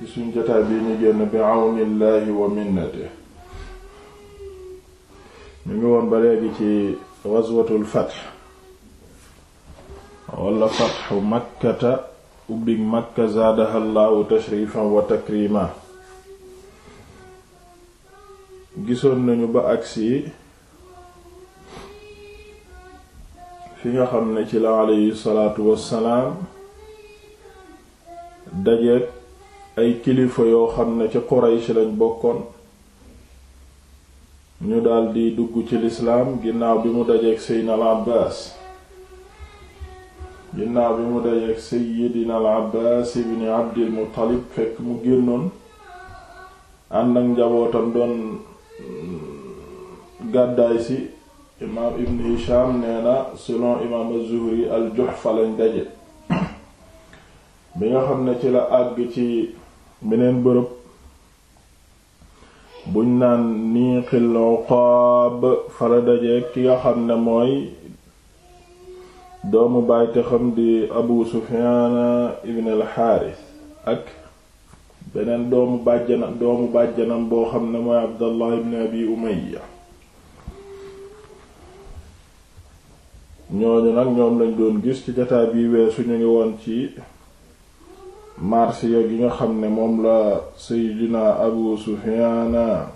ci suñ jotaay bi ñu génn bi àwnillaahi wa minnate ñu ngi woon ba léegi ci ghazwatul fath wala fathu makkata ubbig makka zaadahallaahu tashrifan wa takrima gisoon nañu ba agsi fi nga xam ne ci la alayhi salaatu wassalaam dajeek ay kilifa yoo xam ne ci Quraysh lañ bokkoon ñu daldi dugg ci lislaam ginnaaw bi mu dajeek Seydina al Abbaas ginnaaw bi mu dajeek Seydina al Abbaas ibn mu génnoon ànd ak njabootam doon mm, gàddaay si imaam Ibn Hisham nee na imaam az-Zuhri al-Juhfa lañ daje bi nga xam ne ci la àgg ci beneen bërëb buñ naan nii xilloo xoob fala dajeek nga xam ne mooy doomu bàyyte xam di abu sufiana ibn al xaaris ak beneen doomu bàjjanam doomu bàjjanam boo xam ne mooy abdallah ibn abi umaya ñooñu nag ñoom lañ doon gis ci jataay bi weesu ñu ngi woon ci marsiya gi nga xam ne moom la seydina abu sufiyaana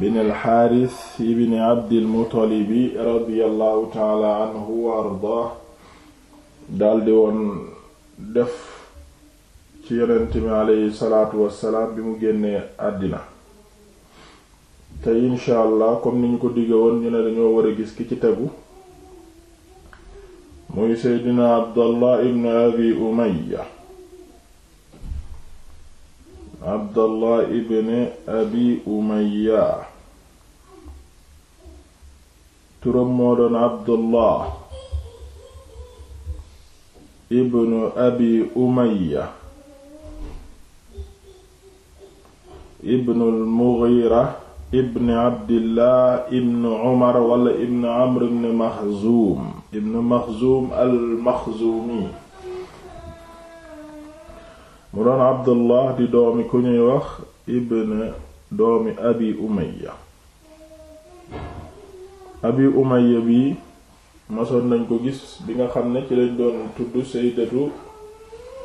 bin alxaaris ibn abdilmuttalibi radiallahu taala anhu wa ardaa daldi woon def ci yonent mi aleyhi salaatu wassalaam bi mu génnee àddina te incha allah comme ni ñu ko digge woon ñu dañoo war a gis ki ci tegu muy seydina abdallah ibn abi umaya abdallah ibn abi umaya turam moo doon abdullah ibnu abi umaya ibnu almughira ibn abdillah ibn umar wala ibn amr ibn maxzuum ibn maxzuum al maxzuumi mu doon abdullah di doomi ku ñuy wax ibn doomi abi umaya abi umaya bi masoon nañ ko gis bi xam ne ci lañ doon tudd saydatu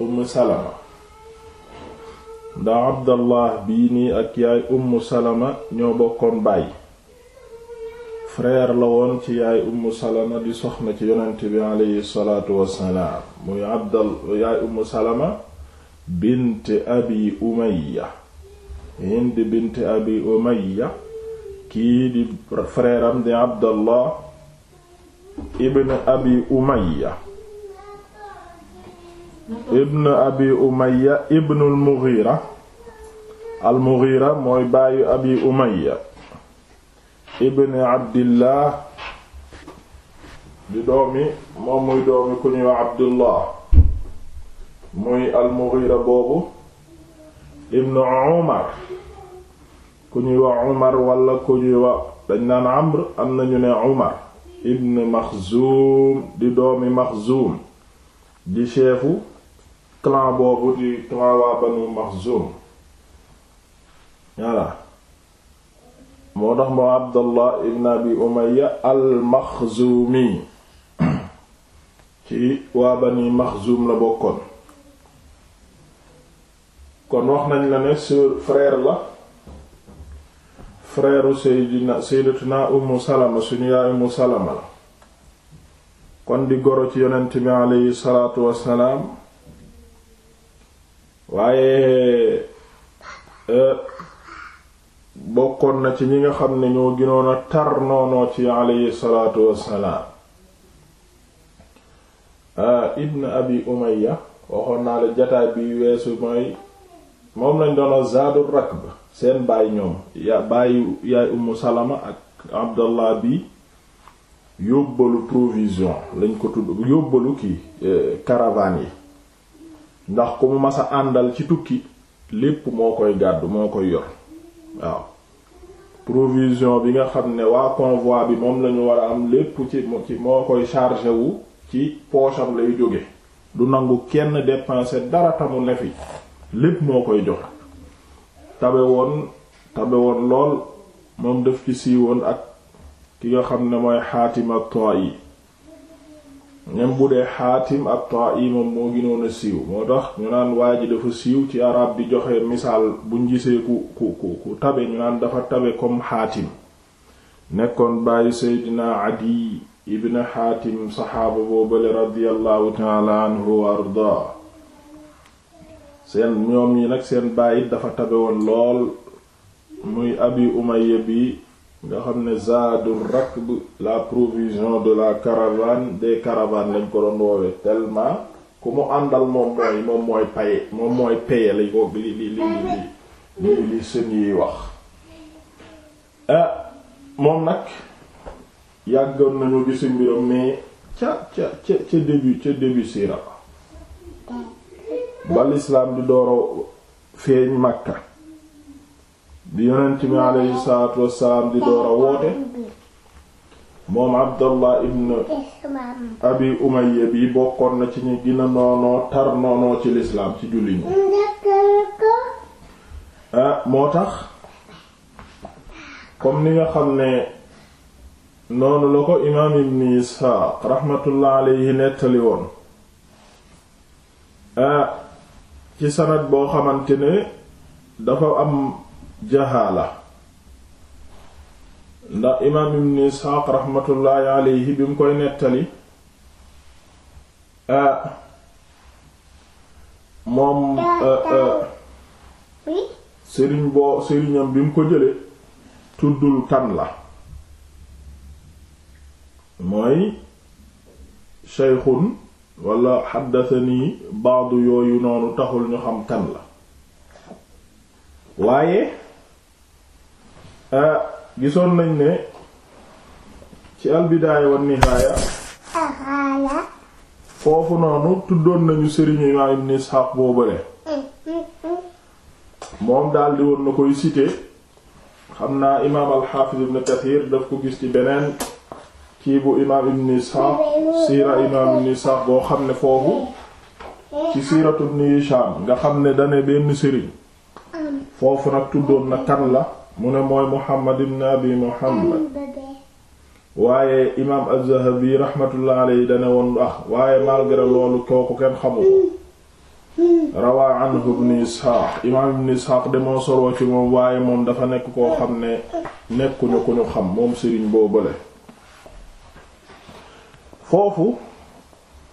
umm salama ndax abdallah bii nii ak yaay umm salama ñoo bokkoon baay frère la woon ci yaay umm salama di soxna ci yonent bi aleyhi salaatu wassalaam muy abdal yaay umm salama bint abi umaya hind bint abi umaya kii di frère am di abdallah ibn abi umaya ibn abi umaya ibnul mughira al mughira mooy baayu abi umaya ibn abdillah di doomi moom muy doomi ku ñuy abdullah muy al boobu ibnu Umar ku ñuy wax Umar wala ku ñuy wax dañ naan Amr am nañu ne Umar ibn Maxzuum di doomi Maxzuum di chefu clan boobu di clan waa Banu Maxzuum voilà moo tax moo Abdallah ibn Abi Umayya al ci waa Bani Maxzuum la bokkoon kon wax nañ la ne sœur frère la frère Seydina Sayyidatuna Ummu Salama suñu yaay Ummu Salama la kon di goro ci yonent bi aleyhi salaatu wassalaam waaye e, bokkoon na ci ñi nga xam ne ñoo ginoon a tar noonoo ci aleyhi salaatu wassalaam e, ibn abi umayya waxoon naa la jataay bi weesu mooy moom lañ doon a zaadul rakb seen baay ñoom ya baayu yaay ummu salama ak abdallah bi yóbbalu provision lañ ko tudd yóbbalu kii eh, caravane yi ndax ku mu masa àndal ci tukki lépp moo koy gàddu moo koy yor waaw provision bi nga xam ne waa convoi bi moom lañu war a am lépp ci ci moo koy chargé wu ci poosam lay jóge du nangu kenn dépenser dara tamu ne fi lépp moo koy jox tabe woon tabe woon lool moom def ci siiwoon ak ki nga xam ne mooy xaatim at-Ta'i ñem bu dee xaatim at-Ta'i moom moo gënoon a siiw moo tax ñu naan waa ji dafa siiw ci arab bi joxe misaal bu gisee ku ku ku ku tabe ñu naan dafa tabe comme xaatim nekkoon bàyyi Seydina Adi ibn xaatim saxaaba boobale radiyallahu taala anhu wa seen ñoom yi nag seen bàyyit dafa tabe woon lool muy abi umayya bi nga xam ne zaadul rakb la provision de la caravane des caravanes lañ ko doon woowee tellement ku mu àndal moom mooy moom mooy paye moom mooy paye li ko li li li li li sën yiy wax ah, moom nag yàggoon nañu gisi mbiram mais ca ca ca ca début ca début sira ba lislaam di dooro feeñ Makka bi yonent bi aleyhi salaatu wassalaam di dooro woote moom Abdallah ibn Abi Umayya bi bokkoon na ci ñi gina noonoo tar noonoo ci lislaam ci julli ñi ah, moo tax comme ni nga xam ne noonu la ko imaam ibn Isxaaq raxmatullah aleyhi nettali woon ah, ci sanad boo xamante ne dafa am la ndax imaam ibn isxaaq raxmatullaahi alayhi bi mu koy nettali moom sëriñ boo sëriñam bi mu ko jële tuddul kan la mooy sheykhun wala xaddatani baadu yooyu noonu taxul ñu xam kan la waaye ah, gisoon nañ ne ci albidaaya wan nihaaya foofu noonu tuddoon nañu sëriñu imaam ibn Isxaaq boobale moom daldi woon na koy cité xam naa imaam alxaafiz ibn Kathir daf ko gis ci beneen kii bu imaam ibn Isxaaq siira imaam ibn Isxaaq boo xam ne foofu ci siiratu ibn Hishaam nga xam ne dane benn sëriñ foofu nag tuddoon na kan la mu ne mooy Muhammad ibn Abi Muhammad waaye imaam az-Zahabi rahmatullah alayhi dane woon ah waaye malgré loolu kooku kenn xamu ko rawaa anhu ibn Isxaaq imaam ibn Isxaaq damoo ci moom waaye moom dafa nekk koo xam ne nekkuñu ku ñu xam moom sëriñ boobale foofu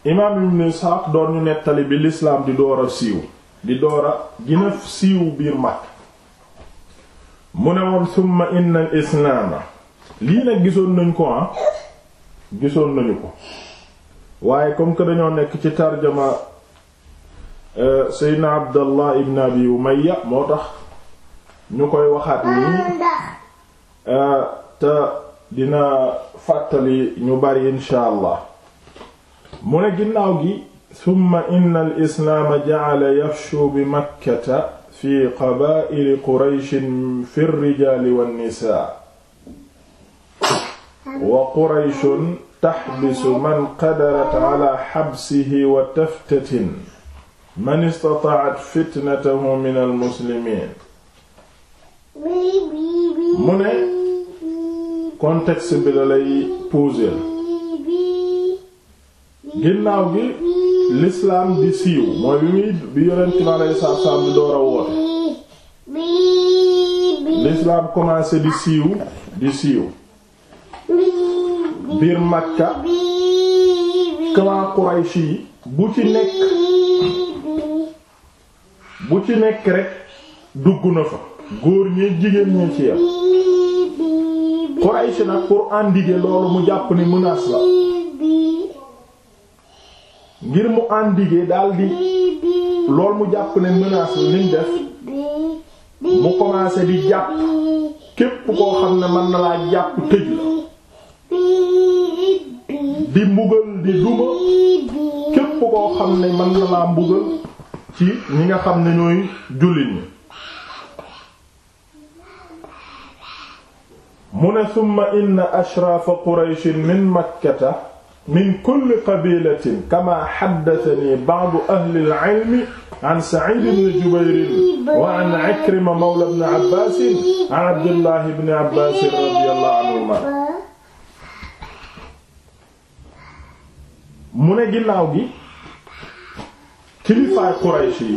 imaam ibn Isxaaq doon ñu nettali bi lislaam di door a siiw di door a gina siiw biir Makka mu ne woon summa inna islaama lii nag gisoon nañ ko ah gisoon nañu ko waaye comme que dañoo nekk ci tarjama euh, seydna Abdallah ibn Abi Umayya moo tax ñu koy waxaat nii euh, te dina fàttali ñu bari insha allah mu ne ginnaaw gi summa inna al islaama ja'ala yafshu bi makkata fi qabaa'ili qurayshin fi rijaali wannisaa wa qurayshun taxbisu man qadarat ala xabsihi wa taftatin man istata'at fitnatahu min almuslimiin mu ne contexte bi la lay poser ginnaaw gi lislaam di siiw mooy bi muy bi yonent bi aleyhi salaatu salaam door a woote lislaam commencé di siiw di siiw biir Makka clan Quraysh yi bu ci nekk bu ci nekk rek dugg na fa góor ñee jigéen ñee ci yam Quraysh nag pour endiguer loolu mu jàpp ni menace la ngir mu endiguer daldi lool mu jàpp ne menace la niñ def mu commencé di jàpp képp koo xam ne mën na laa jàpp tëj la di mbugal di duma képp koo xam ne mën na laa mbugal ci ñi nga xam ne ñuy jullit ñi mu ne summa inna ashrafa qurayshin min makkata min kulli qabilatin kama haddathani ba'du ahli al-'ilmi an Sa'id ibn Jubayr wa an Ikrima mawla ibn Abbas an Abdullah ibn Abbas radiyallahu anhuma mu ne ginnaaw gi kilifaay Quraysh yi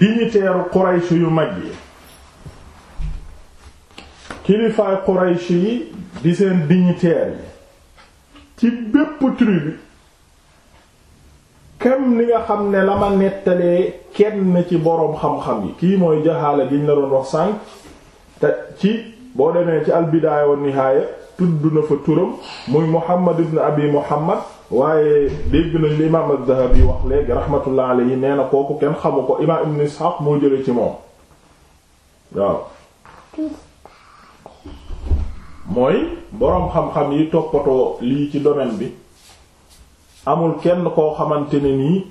dignitaire Quraysh yu mag yi kilifaay Quraysh yi di seen dignitaire yi ci bépp bi kem li nga xam ne la ma nettalee kenn ci boroom xam-xam yi kii mooy jaxaala giñ la doon wax sànq te ci boo demee ci albidaaya wa nihaaya tudd na fa turam muy muhammad ibn abi muhammad waaye dégg nañ li imaam az-zahabi wax léegi rahmatullah alayhi nee na kooku kenn xamu ko imaam ibn ishaq moo jële ci moom waaw mooy boroom xam-xam yi toppatoo lii ci domaine bi amul kenn koo xamante ni nii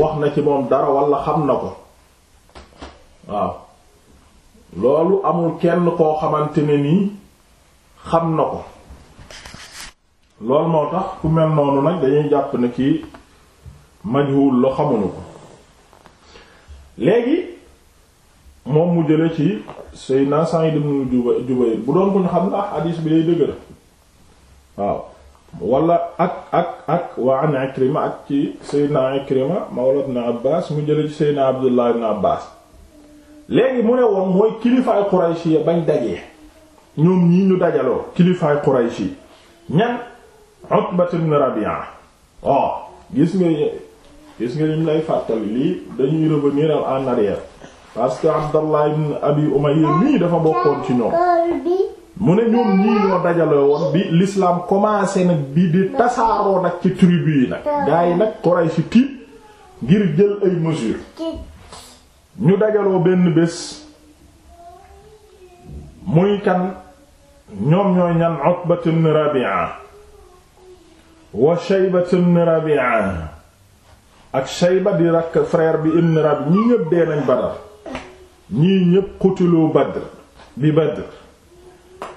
wax na ci moom dara walla xam na ko waaw loolu amul kenn koo xamante ne nii xam na ko loolu moo tax ku mel noonu nag dañuy jàpp ne kii majhul la xamuñu ko léegi moom mu jële ci Seydina Sa'id ibn Jubayr bu doon ko ñu xam la xadiis bi day dëgër waaw wala ak ak ak wa an Ikrima ak ci Seydina Ikrima mawla ibn Abbas mu jële ci Seydina Abdullah ibn Abbas léegi mu ne woon mooy kilifaay Quraysh yi bañ dajee ñoom ñii ñu dajaloo kilifaay Quraysh yi ñan Utba ibn oh gis nga gis nga ñu lay fàttali lii dañuy revenir en arrière parce que Abdallah ibn Abi Umayya nii dafa bokkoon ci ñoom mu ne ñoom ñii ñoo dajale woon bi lislaam commencé nag bi di tasaaroo nag ci tribu yi nag gaa yi nag Quraysh si tiit ngir jël ay mesures ñu dajaloo benn bés muy kan ñoom ñooy ñan Utbat ibn Rabi'a wa Shaybat ibn Rabi'a ak Shayba di rakk frère bi ibn Rabi'a ñi ñépp dee nañ Badar ñii ñépp qutilu Badr bi Badr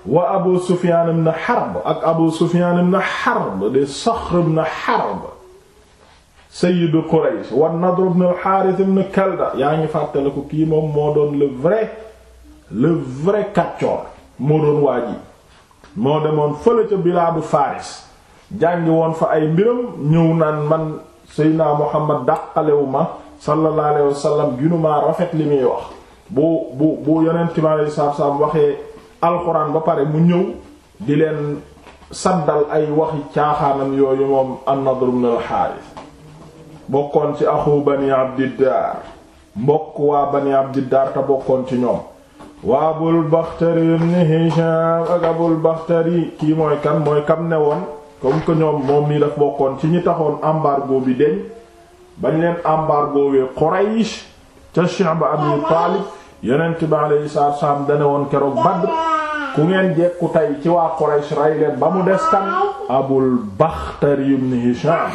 wa Abu Sufyan ibn Harb ak Abu Sufyan ibn Harb di Sakhr ibn Harb sayyidu Quraysh wa Nadr ibn al-Harith ibn Kalda yaa ngi fàttaliku kii moom moo doon le vrai le moo doon waa ji moo demoon fële ca bilaadu Faris jàngi woon fa ay mbiram ñëw naan man Seydina Muhammad dàqalewu ma sallallahu alayhi wa sallam rafet li muy wax bu bu bu yonent bi aleyhi salaatu salaam waxee alxuraan ba pare mu ñëw di leen saddal ay waxi caaxaanam yooyu moom an-Nadr ibn al-Haaris bokkoon ci axu bani abdiddar mbokk waa bani abdiddar te bokkoon ci ñoom waa abul baxtari ibn Hisham ak abul baxtari kii mooy kan mooy kam ne woon comme que ñoom moom nii daf bokkoon ci ñi taxoon embargo bi deñ bañ leen embargo wee Quraysh ca Shi'b Abi Taalib yonent bi alayhi salaatu wassalaam dane woon keroog Badr ku ngeen jekku tey ci waa Quraysh rey leen ba mu des kan Abul Bakhtari ibn Hisham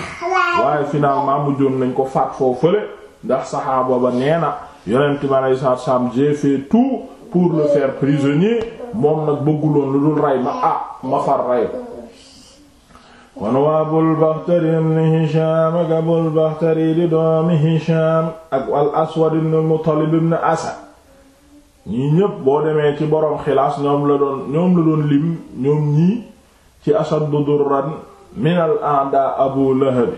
waaye finalement mujjoon nañ ko faat foofu fële ndax saxaaba ba nee na yonent bi alayhi salaatu wassalaam j'ai fait tout pour le faire prisonnier moom nag bëgguloon lu dul rey ma ah ma far rey kon waa Abul Bakhtari ibn Hisham ak Abul Bakhtari di doomi Hisham ak al Aswad ibn Muttalib ibn Asad ñii ñépp boo demee ci boroom xilaas ñoom la doon ñoom la doon lim ñoom ñii ci ashaddu durran minal a'da abu lahabi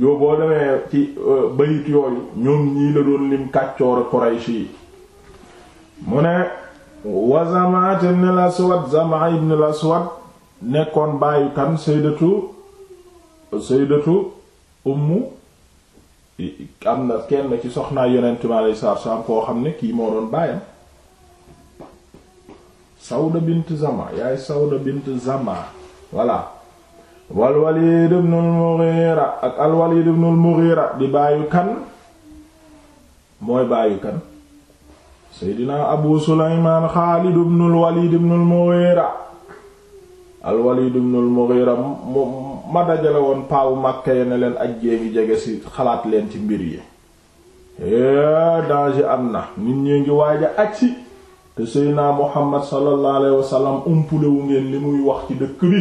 yoo boo demee ci euh, bayit yooyu ñoom ñii la doon lim kàccoor Qurayshi yi mu ne wa Zam'at ibn al-Aswad Zam'a ibn al-Aswad nekkoon bàyyi kan sayyidatu sayyidatu ummu am na kenn ci soxnaa yeneen mi alayhi salaam koo xam ne kii moo doon bàyyam Sawda bint Zama yaay Sawda bint Zama voilà wal Walid ibn ak al Walid ibn di baayu kan mooy baayu kan Seydina Abu Sulaymaan Xaalid ibn al-Walid ibn al-Mughira al Walid ibn al mughira al ma dajale woon paawu Makka ya leen ak ngi jege si xalaat leen ci mbir yi eh, danger am na nit ñi ngi waaj a agsi te seydna muhammad sallallahu alayhi wasallam umpulewu ngeen li muy wax ci dëkk bi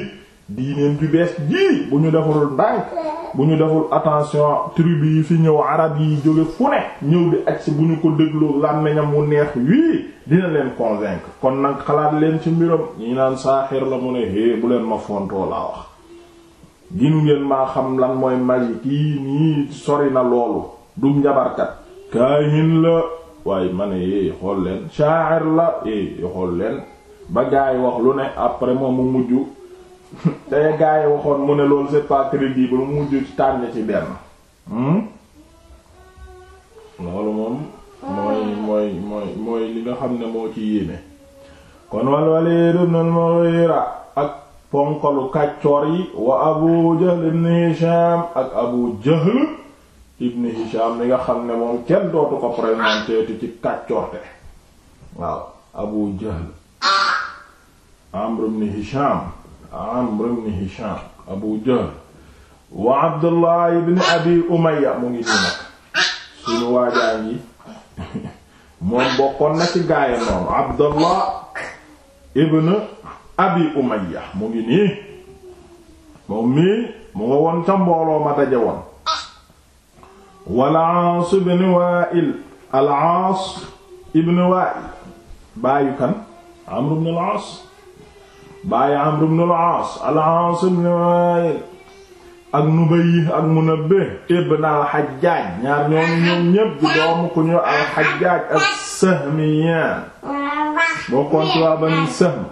diineem bi bees jii bu ñu deful ndànk bu ñu deful attention tribu yi fi ñëw arab yi jóge fu ne ñëw di si bu ñu ko dégloo làmmiñam wu neex wii dina leen convaincre kon nag xalaat leen ci mbiram ñi naan saaxir la mu ne hé bu leen ma fontoo laa wax ginu ngeen maa xam lan mooy magie kii nii sori na loolu du njabarkat kaay min la waaye ma ne xool leen sha'ir la eh xool leen ba gaay wax lu ne après moom mu mujj te gaay waxoon mu ne loolu c'est pas crédible mu mujj ci ci benn. Hmm? loolu moom mooy mooy mooy mooy li nga xam ne moo ci yéeme kon wal Walid ibn al-Mughira ak ponkalu kàccoor yi wa Abu Jahl ibn Hisham ak Abu Jahl ibn Hisham mi nga xam ne moom kenn dootu ko présenté ti ci kàccoorte waaw Abu Jahl Amr ibn Hisham Amr ibn Hisham Abu Jahl wa Abdullah ibn Abi Umayya mu ngi nii nag suñu waajaan yi moom bokkoon na ci gaaya noonu Abdullah ibn Abi Umayya mu ngi nii moom mii mu nga woon ca mbooloo ma daje woon wal Aas ibn Waa'il al Aas ibn Waa'il baayu kan Amr ibn al Aas baayu Amr ibn al Aas al Aas ibn Waa'il ak Nubay ak Munabbih ibn al Hajjaaj ñaar ñoom ñoom ñépp di doomu ku ñu al Hajjaaj ak Sahmiyaan boo kontu waa Bani Sahm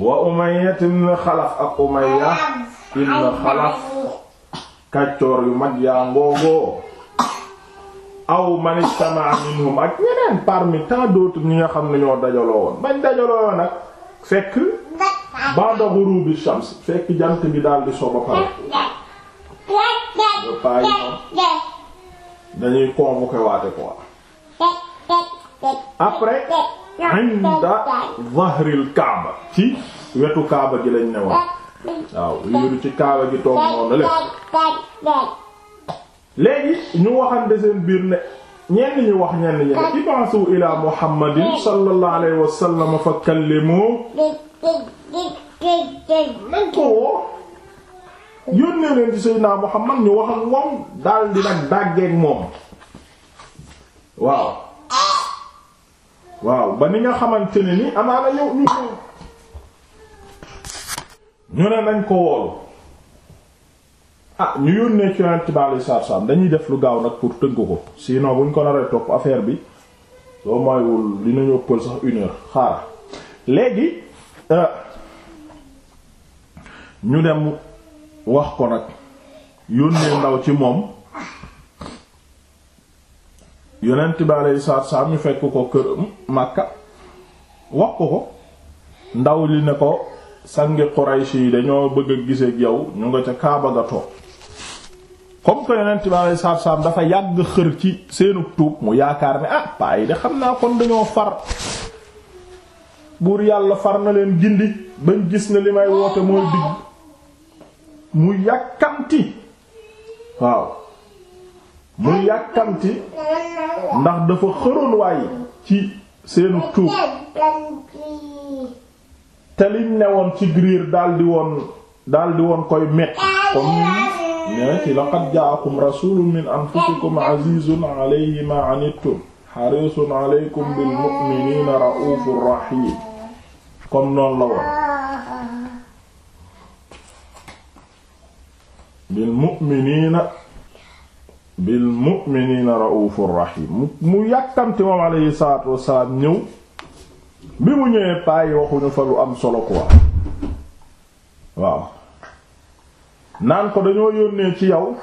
wa Umayya ibn Xalaf ak Umayya ibn Xalaf kàccoor yu mag yaa ngoogoo aw man istama'a minhum ak ñeneen parmi tant d'autres ñi nga xam ne ñoo dajaloo woon bañ dajaloo woon nag fekk ba'da ghurubi shams fekk jant bi daal di soba pare paa dañuy convoquer waate quoi après inda zahril kaaba ci wetu kaaba gi lañ ne woon waaw wéeru ci kaaba gi toog noonu léegi ñu waxande seen biir ne ñenn ñu wax ñenn ñi ne ibasu ila muhammadin sallallahu alayhi fa kallimu ko woo yónnee leen ci sayyidina muhammad ñu wax moom daal di nag dàggeek moom waaw waaw ba ni nga xamante ne ni amaana yow ñu ñu ne nañ ko woolu ah ñu yónnee ci yonent bi alayhi salaatu dañuy def lu gaaw nag pour tënk ko sinon buñ ko naree topp affaire bi soo mooywul li nañu ëppal sax une heure léegi euh, ñu dem wax ko nag yónnee ndaw ci moom yonent bi alayhi salaatu salaam ñu fekk ko kër Makka wax ko ko ndaw li ne ko sangi Quraysh yi dañoo bëgg a gisee ak yow ñu nga ca Kaaba ga toog comme que yonent bi alayhi salaatu salaam dafa yàgg xër ci seenu tuub mu yaakaar ni ah paa de xam naa kon dañoo far buur yàlla far na leen gindi bañ gis na li may woote mooy digg mu yàkkanti waaw mu yàkkamti ndax dafa xëroon waaye ci seenu tuub te liñ ne woon ci griir daldi woon daldi woon koy met comme ne laqad jaakum rasulun min anfusikum azizun alayhi ma anittum harisun alaykum bil mu'minina raufur rahim comme noonu la bil mu'minina bil mu'minina mu yàkkamti moom alayhi salatu wassalam ñëw bi mu ñëwee payi waxuñu fa lu am solo quoi waaw naan ko dañoo yónnee ci yow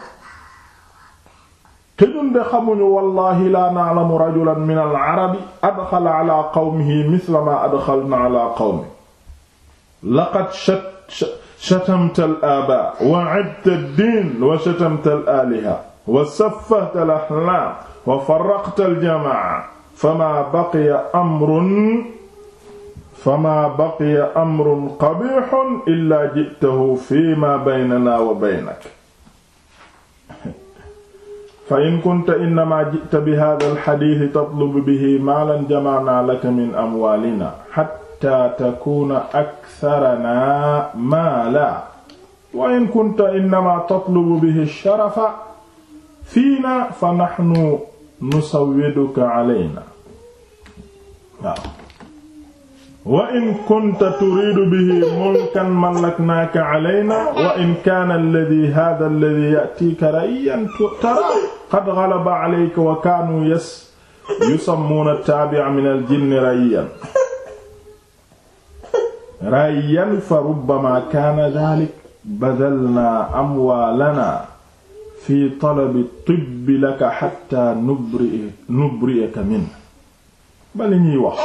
te ñun de xamuñu wallahi la na'lamu rajulan min al-arabi adxala ala qawmihi mithla ma adxalna ala qawmi laqad shatamta al-aba wa 'adta ad-din wa shatamta al-aliha wa saffahta al-ahlam wa farraqta al-jama'a fama baqiya amrun fama baqiya amrun qabixun illa jitahu fi ma baynana wa baynak fa in kunta innama jita bi hada alxaditi tatlubu bihi maalan jamana laka min amwalina xatta takuna aktharana maala wa in kunta innama tatlubu bihi sharafa fiina fa naxnu nusawwiduka alayna waaw wa in kunta turiidu bihi mulkan mallaknaaka calaynaa wa in kaana alladii haadaa alladii ya'tiika ra'yan taraa qad ghalaba calayka wa kaanuu yas yusammuuna taabica min aljinni ra'yan ra'yan fa rubbamaa kaana daalik badalnaa amwaalanaa fi talabi tibbi laka xattaa nubri'aka min bali ñuy wax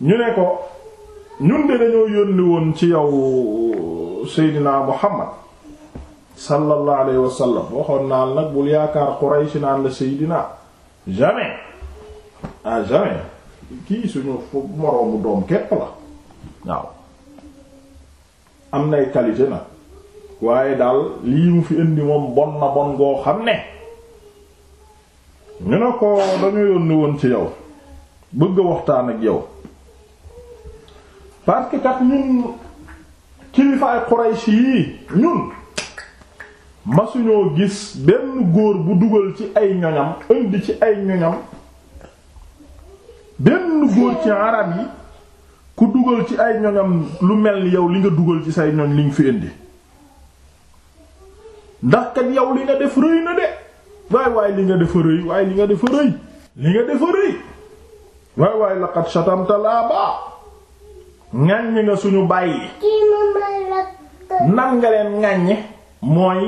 ñu ne ko ñun de dañoo yónni woon ci yow Seydina Muhammad sallallahu alayhi wa sallam waxoon naan nag bul yaakaar Quraysh naan la Seydina jamais ah jamais kii suñu moroomu doom képp la waaw am nay qualité nag waaye daal lii mu fi indi moom bon na bon goo xam ne ñu ne ko dañoo yónni woon ci yow bëgg waxtaan ak yow parce que kat ñun kilifaay Quraysh yii ñun masuñoo gis benn góor bu dugal ci ay ñoñam indi ci ay ñoñam benn góor ci arab yi ku dugal ci ay ñoñam lu mel ni yow li nga dugal ci say ñoñ li fi indi ndax kat yow li nga def rëy na de waay waay li nga def rëy waaye li nga def rëy li nga def rëy waay waay laqad shatamta ŋàññ nga suñu bàyyi nan nga leen mooy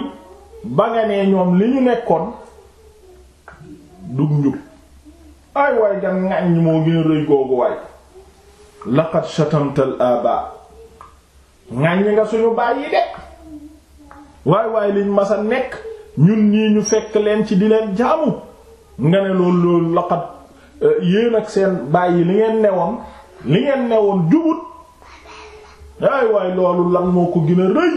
ba nga nee ñoom li ñu nekkoon dug njub ay waay gan ŋàññ moo gën a rëy googu waay laqad shatamtal aba ŋàññ nga suñu bàyyi de waay waay liñ masa nekk ñun ñii ñu fekk leen ci di leen jaamu nga ne loolu loolu laqad eh, yéen ak seen bàyyi li ngeen newoon li ngeen newoon jubut ay waay loolu lan moo ko gën a rëy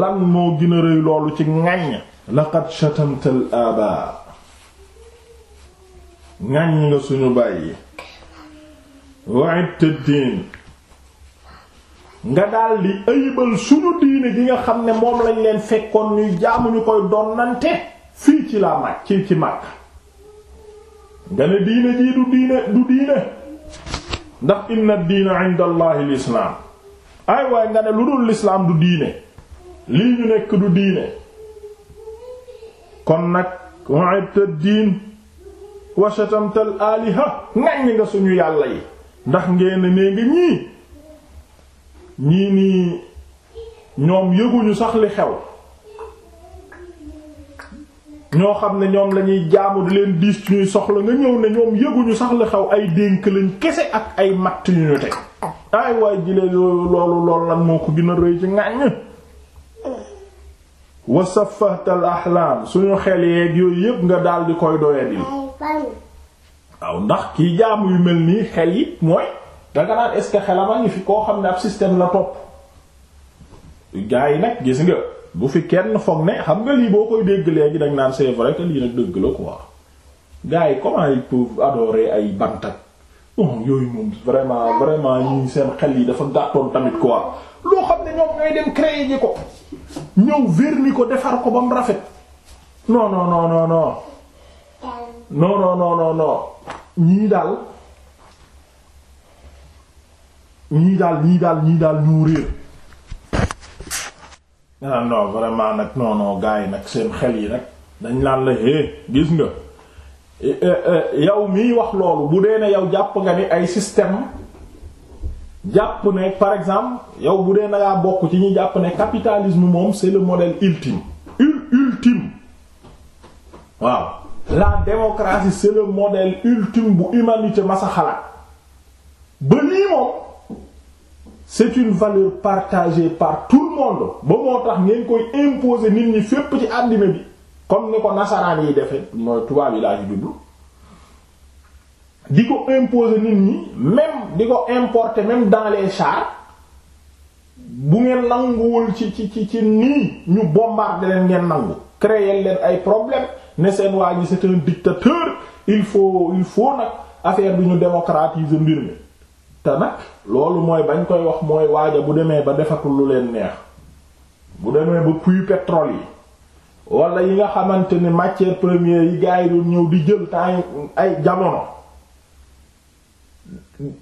lan moo gën rëy loolu ci ŋàññ laqad shatamta al aba ŋàññ nga suñu bàyyi wa'idta diin nga daldi ayibal suñu diine gi nga xam ne moom lañ leen fekkoon ñuy jaamu ñu koy donnante fii ci laa mag ci ci mag nga ne diine jii du diine du diine ndax inna diina inda allahi lislaam ay waaye nga ne lu dul lislaam du diine lii ñu nekk du diine kon nag wa'ibta diin wa aliha ngañ nga suñu yàlla yi ndax ngeen nee nga ñii ñii nii ñoom yëguñu sax li xew ñoo xam ne ñoom lañuy ñuy jaamu di leen diis ci ñuy soxla nga ñëw ne ñoom yëguñu sax la xaw ay dénk lañ kese ak ay matt yu ñu teg ay waay jile loolu loolu lan moo ko gën rëy ci ŋàññ wa safahtal ahlaam suñu xel yeeg yooyu yépp nga daldi koy doyadi waaw ndax kii jaamu yu mel nii xel yi mooy danga naan est-ce que fi koo xam ne ab système la topp gaa yi nag gis nga bu fi kenn foog ne xam nga lii boo koy dégg leegi dañ naan c'est vrai que lii nag dëgg la quoi gars yi comment ils peuvent adorer ay bantak yooyu moom vraiment vraiment ñun seen xel yi dafa gàttoon tamit quoi loo xam ne ñoom ñooy dem créer ji ko ñëw verni ko defar ko ba rafet non non non non non non non ñii daal ñii daal ñii daal ñii daal ñu réer nga non vraiment nag non non yi nag seen xel yi nag dañ laan la hé gis nga eh, eh, eh, yow miy wax loolu bu dee ne yow jàpp nga ni ay système jàpp ne par exemple yow bu dee na ngaa bokk ci ñi jàpp ne capitalisme moom c'est le modèle ultime ultime waaw la démocratie c'est le ultime bu ma masa xalaat ba nii moom c'est une valeur partagée par tout le monde ba moo tax ngeen koy imposer nit ñi fépp ci àddina bi comme ni ko nasaraan yi defee mooy tubaab yi laa ci jublu di ko imposer nit ñi même di ko importer même dans les chars bu ngeen nanguwul ci ci ci ci nii ñu bombarder leen ngeen nangu créer leen ay problèmes ne seen waa ji c'est un dictateur il faut il faut nag affaire bi ñu démocratiser mbir mi te nag loolu mooy bañ koy wax mooy waaja bu demee ba defatul lu leen neex bu demee ba puits pétrole yi wala yi nga xamante ni matière première yi gars yi doon ñëw di jël temps ay jamono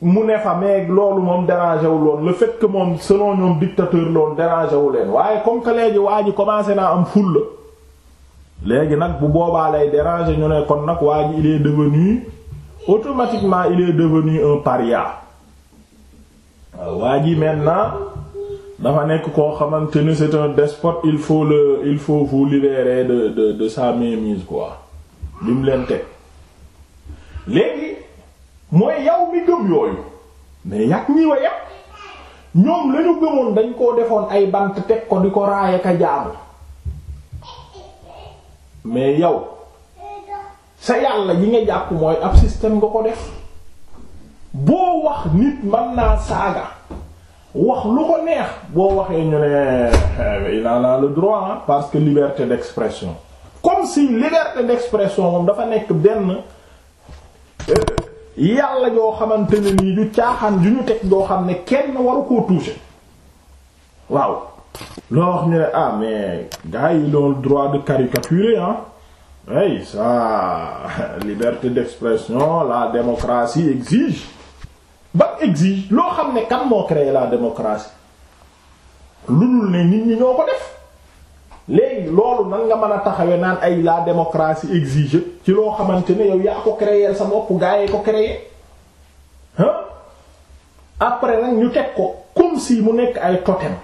mu ne fa mais loolu moom dérangé wu loon le fait que moom selon ñoom dictateur loon dérangé wu waaye comme que léegi waa ji commencé naa am fulla léegi nag bu boobaa lay déranger ñu ne kon nag waa ji il est devenu automatiquement il est devenu un paria waaw waa ji maintenant dafa nekk koo xamante ni c'est un despote il faut le il faut vous libérer de de de sa mainmise quoi bi mu leen teg léegi mooy yow mi gëm yooyu mais yàgg ñi wa ñoom lañu gëmoon dañ koo defoon ay bant teg ko di ko raaya ka jaamu mais yow sa yàlla yi nga jàpp mooy ab système nga ko def boo wax nit mën naa saaga wax lu ko neex boo waxee ñu ne il a le droit parce que liberté d'expression comme si liberté d'expression moom dafa nekk benn euh, yàlla joo xamante ne nii ju caaxaan ju ñu teg joo xam ne kenn waru koo toucher waaw loo wax ñu ne ah mais gars yi droit de caricaturer ah ay ça liberté d'expression la démocratie exige exige loo xam ne kan moo créé la démocratie lu dul ne nit ñi ñoo ko def léegi loolu nag nga mën a taxawee naan ay la démocratie exige ci loo xamante ne yow yaa ko créer sa bopp gaa yi ko créer ah après nag ñu teg ko comme si mu nekk ay totem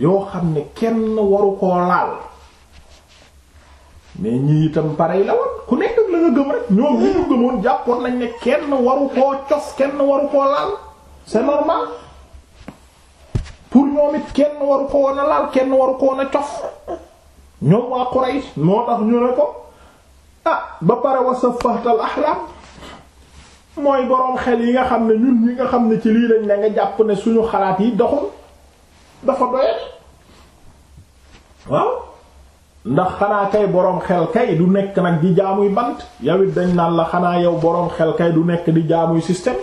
yoo xam ne kenn waru koo laal mais ñii itam parey la woon ku nekk la nga gëm rek ñoom ñi ñu gëmoon jàppoon nañ ne kenn waru koo cos kenn waru koo laal c'est normal pour ñoom it kenn waru ko woon a laal kenn waru ko woon a cof ñoom waa Quraysh moo tax ñu ne ko ah ba pare wa safahtal ahlam mooy boroom xel yi nga xam ne ñun ñi nga xam ne ci lii lañ ne nga jàpp ne suñu xalaat yi doxul dafa doyal waaw ndax xanaa kay boroom xel kay du nekk nag di jaamuy bant yow dañ naan la xanaa yow boroom xel kay du nekk di jaamuy système.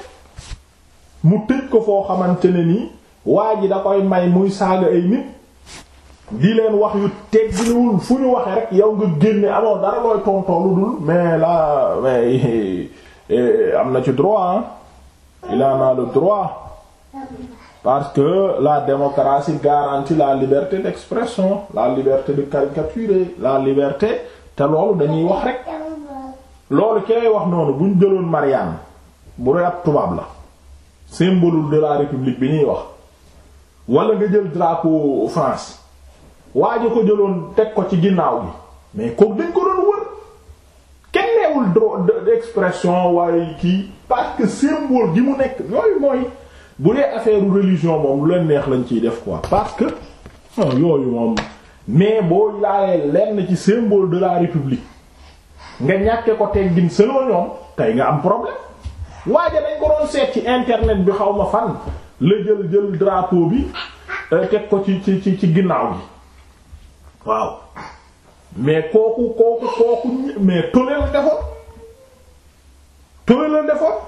mu tëj ko foo xamante ne nii waa ji da may muy saaga ay nit di leen wax yu tegginuwul fu ñu waxee rek yow nga génne amoo dara looy tontoo lu dul mais la mais eh, eh, am na ci droit il en a le droit parce que la démocratie garantit la liberté d'expression la liberté de caricaturer la liberté te loolu dañuy wax rek loolu ki wax noonu buñ jëloon Marianne bu dee ab tubaab la. symbole de la république bi ñuy wax wala nga jël drapeau France waa ji ko jëloon teg ko ci ginnaaw bi mais kooku dañ ko doon wër kenn neewul droit d'expression waaye kii parce que symbole mu nekk yooyu mooy bu dee affaire religion moom lu leen neex lañ ciy def quoi parce que yooyu moom mais boo laalee na ci symbole de la république nga ñàkke ko teggin selon ñoom tey nga am problème waaye dañ ko seet ci internet bi xaw ma fan la jël jël drapeau bi euh, teg ko ci ci ci ci ginnaaw bi waaw mais kooku kooku kooku mais tole la defoon tole la defoon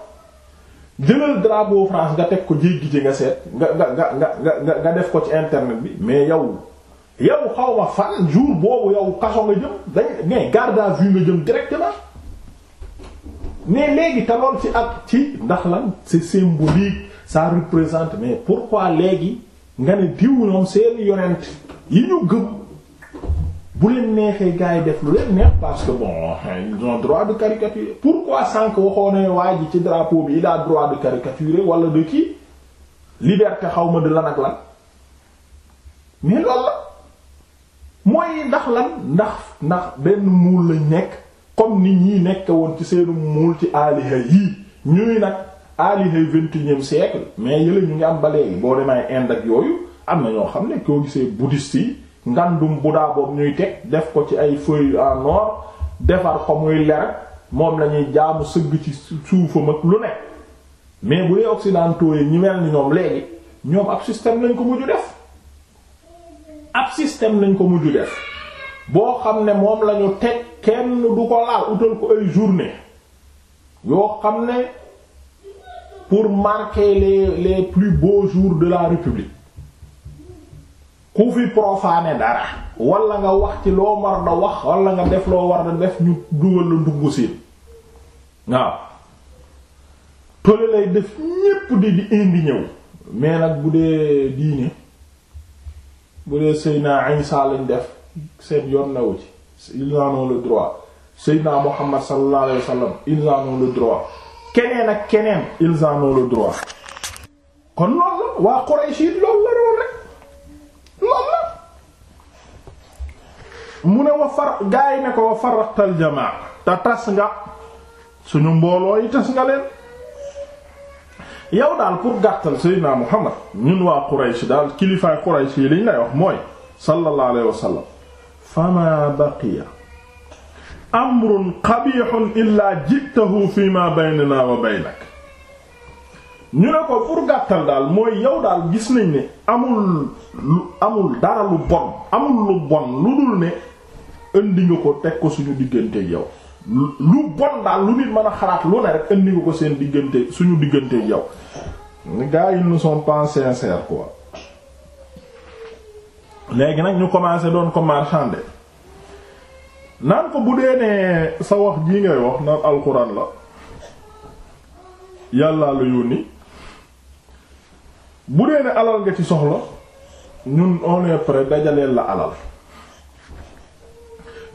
jëlal drapeau France nga teg ko ji nga seet nga def ko ci internet bi mais yow yow xaw ma fan jour boobu yow kaso nga jëm dañ mais garde à vue nga jëm directement. mais léegi te lool ci ak ci ndax si c'est symbolique ça représente mais pourquoi léegi nga ne diw ñoom seen yonent yi ñu gëm bu leen neexee gars yi def lu leen neex parce que bon ils ont droit de caricaturer pourquoi sànq waxoo ne waa ji ci drapeau bi il a droit de caricaturer wala de kii liberté xaw ma de lan ak lan mais loolu la mooy ndax lan ndax ndax benn muul lañ nekk. comme nit ñi nekk woon ci seenu ci aliha yii ñuy nag aliha vingt-et-unième mais yële ñu ngi am ba léegi boo demay Inde ak yooyu am na ñoo xam ne koo gisee bouddhiste yi ngandum Bouddha boobu ñuy teg def ko ci ay feuilles en or defar ko muy ler moom lañuy jaamu sëgg ci suufam ak lu nekk mais bu dee occidentaux yi ñi mel ni ñoom léegi ñoom ab système lañ ko mujju def ab système lañ ko mujju def boo xam ne moom lañu teg kenn du ko laal utal ko ay journée yoo xam ne pour marquer les les plus beaux jours de la république ku fi profané dara wala nga wax ci loo war da wax wala nga def loo war da def ñu dugal la ndugg siin waaw tole lay def ñépp di di indi ñëw mais nag bu dee diine bu dee Seydina Isa lañ def seen yoon nawu ci ils en ont le droit Seydina Muhammad sallallahu alayhi wa droit keneen ak keneen ils en droit kon loolu la waa Quraysh yi loolu la doon rek loolu la mu ne wa gaa yi ne ko wa faraqtal jamaa te tas nga suñu mbooloo tas nga leen yow daal pour gàttal Seydina Muhammad ñun waa Quraysh daal kilifaay Quraysh yi liñ lay wax mooy sallallahu fama baqiya amrun qabihun illaa jitahu fi ma baynana wa baynak ñu ne ko pour gàttal daal mooy yow daal gis nañ ne amul lu amul dara lu bon amul lu bon lu dul ne indi nga ko teg ko suñu digganteeg yow lu bon daal lu nit mën a xalaat lu ne rek indi nga ko seen diggante suñu digganteeg yow gars yi ne sont pas sincères quoi léegi nag ñu commencé doon ko marchander naan ko bu dee ne sa wax ji ngay wax naan alxuraan la yàllaa la yónni bu dee ne alal nga ci soxla ñun on est prêt dajaleel la alal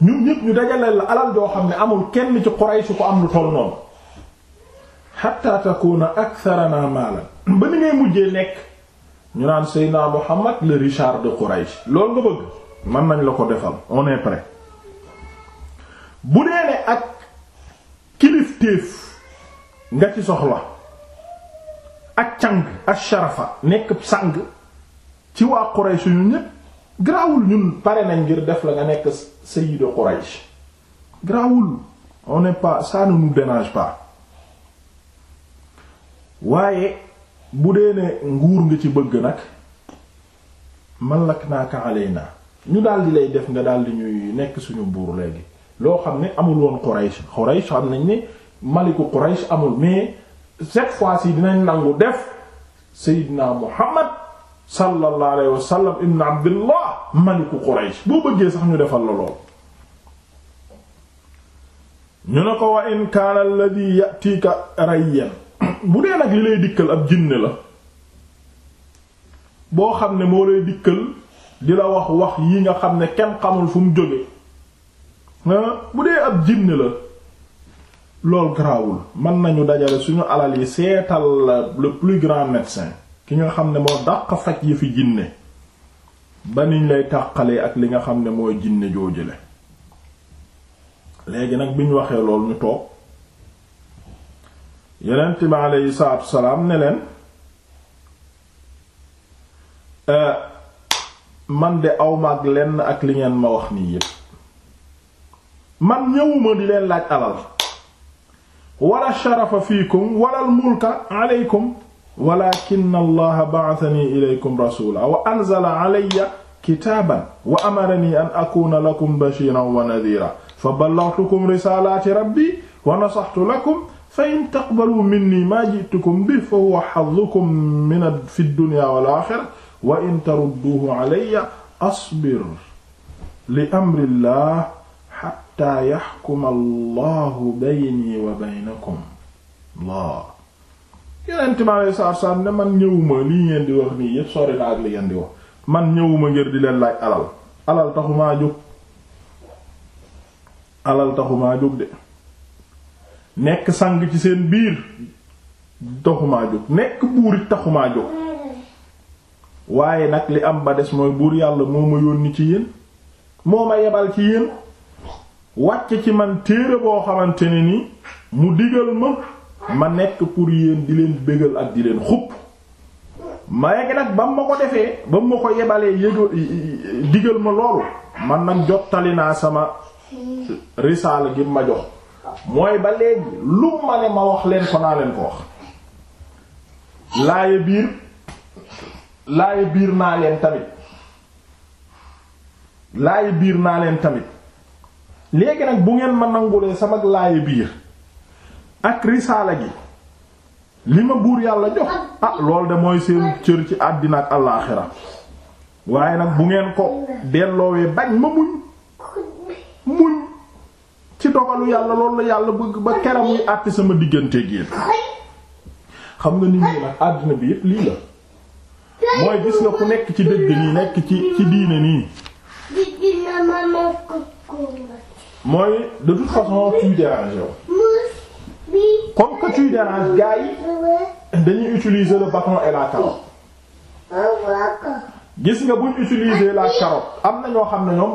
ñun ñëpp ñu dajaleel la alal doo xam ne amul kenn ci Quraysh ko am lu toll noonu hatta takuna aktharana maalan ba ni ngay mujjee lekk ñu naan Seydina Muhammad le Richard de Quraish loolu nga bëgg mën nañ la ko defal on est bu dee ne ak kilifteef nga ci soxla ak càng ak sharafa nekk sang ci waa Quraish ñun ñépp grawul ñun pare nañ ngir def la nga nekk Sayyid Quraish grawul on n'est pas ça ne nous waaye. bu dee ne nguur nga ci bëgg nag malaknaaka alaynaa ñu daal di lay def nga daal di ñuy nekk suñu buur léegi loo xam ne amul woon Quraysh Quraysh xam nañ ni maliku Quraysh amul mais cette fois yi dinañ nangu def Seydina Muhammad sallallahu alayhi wa sallam ibn Abdullah maliku Quraysh boo bëggee sax ñu defal la lool. ñu ne ko wa in kaana alladhi ya'tika rayyan bu dee nag li lay dikkal ab jinne la boo xam ne moo lay dikkal di la wax wax yi nga xam ne kenn xamul fu mu jóge bu dee ab jinne la lool garaawul mën nañu dajale suñu alal yi seetal la le plus grand médecin ki nga xam ne moo dàq faj yi fi jinne ba niñ lay tàqalee ak li nga xam ne mooy jinne joo jële léegi nag bi ñu waxee lool ñu toog yonent bi aleyhi salaatu salaam ne leen euh, man de awma ak lenn ak li ngeen ma wax nii yépp man ñëwuma di leen laaj alal wala sharafa fiikum wala almulka aleykum walakin allaha ba'athani ilaykum rasula wa anzala alayya kitaaban wa amarani an akuna lakum bashiran wa nadhira fa ballaghtukum risalati rabbi wa nasaxtu lakum fa in taqbalu minni maa ji'tukum bihi fa huwa hazzukum min fi dunya wal aaxira wa in tarudduhu alayya asbir li amri llah xatta yaxkuma allahu bayni wa baynakum laa yonent mi alayhi salaatu salaam ne man ñëwuma lii ngeen di wax nii yépp sori na ak li ngeen di wax man ñëwuma ngir di leen laaj alal alal taxumaa jóg alal taxumaa jóg de nekk sang ci seen biir taxumaa jóg nekk buur it taxumaa jóg waaye nag li am ba des mooy buur yàlla moo ma yónni ci yéen moo ma yebal ci yéen wàcc ci man téere boo xamante ne ni mu digal ma ma nekk pour yéen di leen bégal ak di leen xupp ma yegg nag ba mu ma ko defee ba mu ma ko yebalee digal ma loolu man nag jottali naa sama risaala gi ma jox mooy ba léegi lu ma ne ma wax leen ko naa leen ko wax laaye biir laaye biir naa leen tamit laaye biir naa leen tamit léegi nag bu ngeen ma nangulee sama laaye biir ak risaala gi li ma buur yàlla jox ah loolu de mooy seen cër ci àddina ak àllaaxira waaye nag bu ngeen ko delloowee bañ ma muñ muñ ci dogalu yàlla loolu la yàlla bëgg ba keram muy sama diggante gi xam nga nit ñi nag àddina bi yépp lii la mooy gis nga ku nekk ci dëgg nii nekk ci ci diine nii mooy de toute façon tuy dérange yow comme tuy dérange gars yi dañuy utiliser le bâton et gis nga buñ utiliser la carotte am na ñoo xam ne ñoom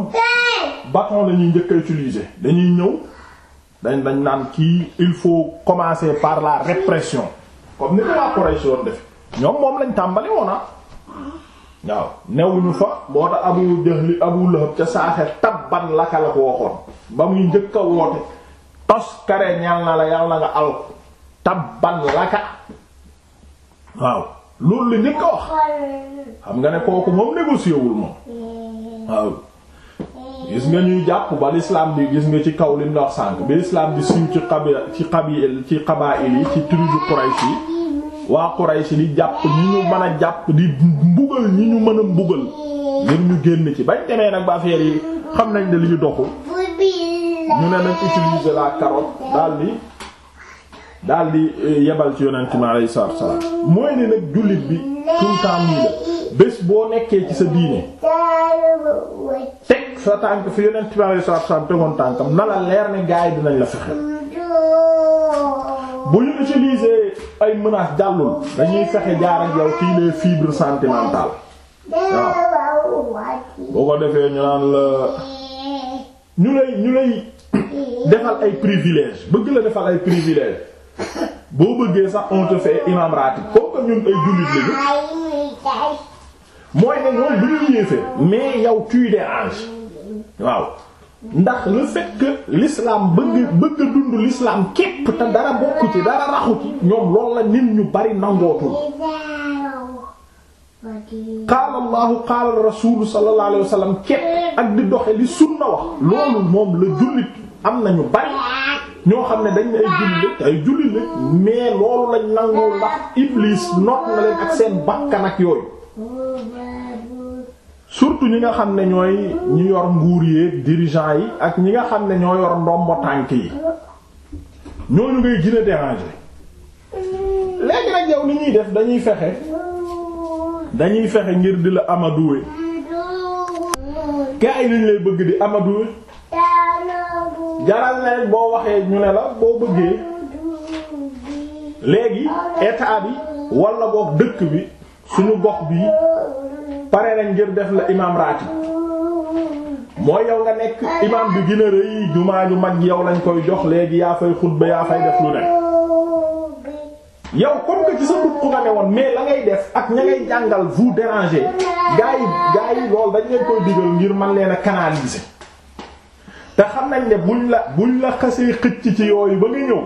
bâton la ñuy njëkk a dañuy ñëw dañ dañ naan kii il faut commencer par la répression comme ni ko waa def ñoom moom lañ tàmbali woon ah waaw newuñu fa moo tax Abu Jahl Abu Lahab ca saaxe tabban laka la ko waxoon ba muy njëkk a woote tos kare ñal na la yàlla nga alku tabban laka waaw loolu la njëkk a wax xam nga ne kooku moom négocié wul moom waaw gis nga ñuy jàpp ba l'islam bi gis nga ci kaw li mu wax sànk bi l'islam di siiw ci xabi ci xabil ci xabaa'il yi ci tribu Quraysh yi waa Quraysh di jàpp ñi ñu mën a jàpp di mbugal ñi ñu mën a mbugal ngir ñu génn ci bañ demee nag ba affaire yi xam nañ ne li ñu doxu ñu ne nañ utiliser la carotte daal di daal di eh, yebal ci yonent mi alayhi salaatu wa salaam mooy ne nag jullit bi tout le bés boo nekkee ci sa diine teg sa tànk fi yonent mi alayhi tegoon tànkam na la leer ne gars yi dinañ la fexe. bu ñu ay menaces jàllul dañuy fexe jaar ak yow kii les fibres sentimentales boo ko defee ñu naan la ñu lay ñu lay defal ay privilèges bëgg la defal ay privilèges. boo bëggee sax on te fait imam ratib comme ay jullit lañu mooy ne ñoom du ñu yéefee mais yow tu dérange waaw ndax le fait que bëgg bëgg a dund l'islam képp te dara bokku dara raxu ñoom loolu la nit ñu bari nangootul qaala allahu qaala rasulu sallallahu alayhi wa wax loolu moom la jullit am nañu bari ñoo xam ne dañ ay jullit ay jullit loolu lañ nangoo ndax iblis not na leen ak seen bakkan ak yooyu surtout ñi nga xam ne ñooy ñi yor nguur yeeg dirigeants yi ak ñi nga xam ne ñoo yor ndombo tànk yi ñooñu ngay gën a déranger nag yow ni ñuy def dañuy fexe dañuy fexe ngir di la amadoué gars yi lañ lay bëgg di amadoué. jaral na leen boo waxee ñu ne la boo bëggee léegi état bi wala boog dëkk bi suñu gox bi pare na ngir def la imam ratib mooy yow nga nekk imam bi gën a rëy jumaa ju mag yow lañ koy jox léegi yaa fay xutba yaa fay def lu ne yow comme que ci sa dugg nga ne woon mais la ngay def ak ña ngay jàngal vous déranger gars yi gars yi loolu dañ leen koo digal ngir man leen a canaliser te xam nañ ne buñ la buñ la xasee xëcc ci yooyu ba nga ñëw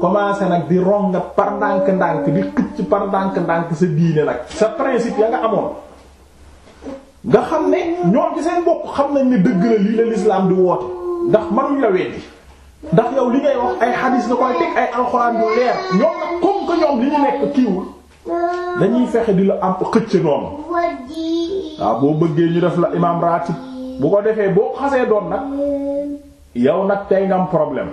commencé nag di ronga par ndànk-ndànk di xëcc par ndànk-ndànk sa diine nag sa principe ya nga amoon nga xam ne ñoom ci seen bopp xam nañ ne dëgg la lii la l'islam di woote ndax mënuñ la weddi ndax yow li ngay wax ay xadiis la koy teg ay alxuraan yu leer ñoom nag comme que ñoom li ñu nekk kiiwul dañuy fexe di la am xëcc noonu waaw boo bëggee ñu def la imam ratib bu ko defee boo xasee doon nag yow nag tey problème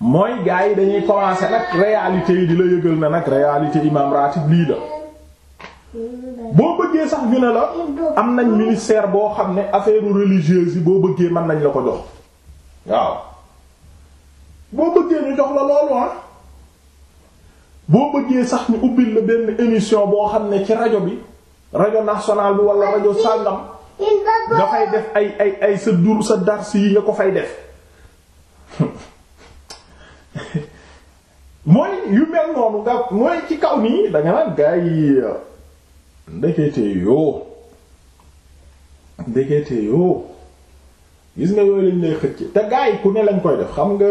mooy gars yi dañuy commencer nag réalité yi di la yëgal na nag réalité imam ratib lii la boo bëggee sax ñu ne la am nañ ministère boo xam ne affaire religieuse yi boo bëggee mën nañ la ko jox waaw boo bëggee ñu jox la loolu ah boo bëggee sax ñu ubbil la benn émission boo xam ne ci rajo bi rajo nationale bi walla rajo sàngam nga fay def ay ay ay sa dur sa dars yi nga ko fay def mooy yu mel noonu nga mooy ci kaw nii da naan gaa yi ndekete yoo ndekete yoo gis nga yooyu lañ lay xëcc te gaa yi ku ne lañ koy def xam nga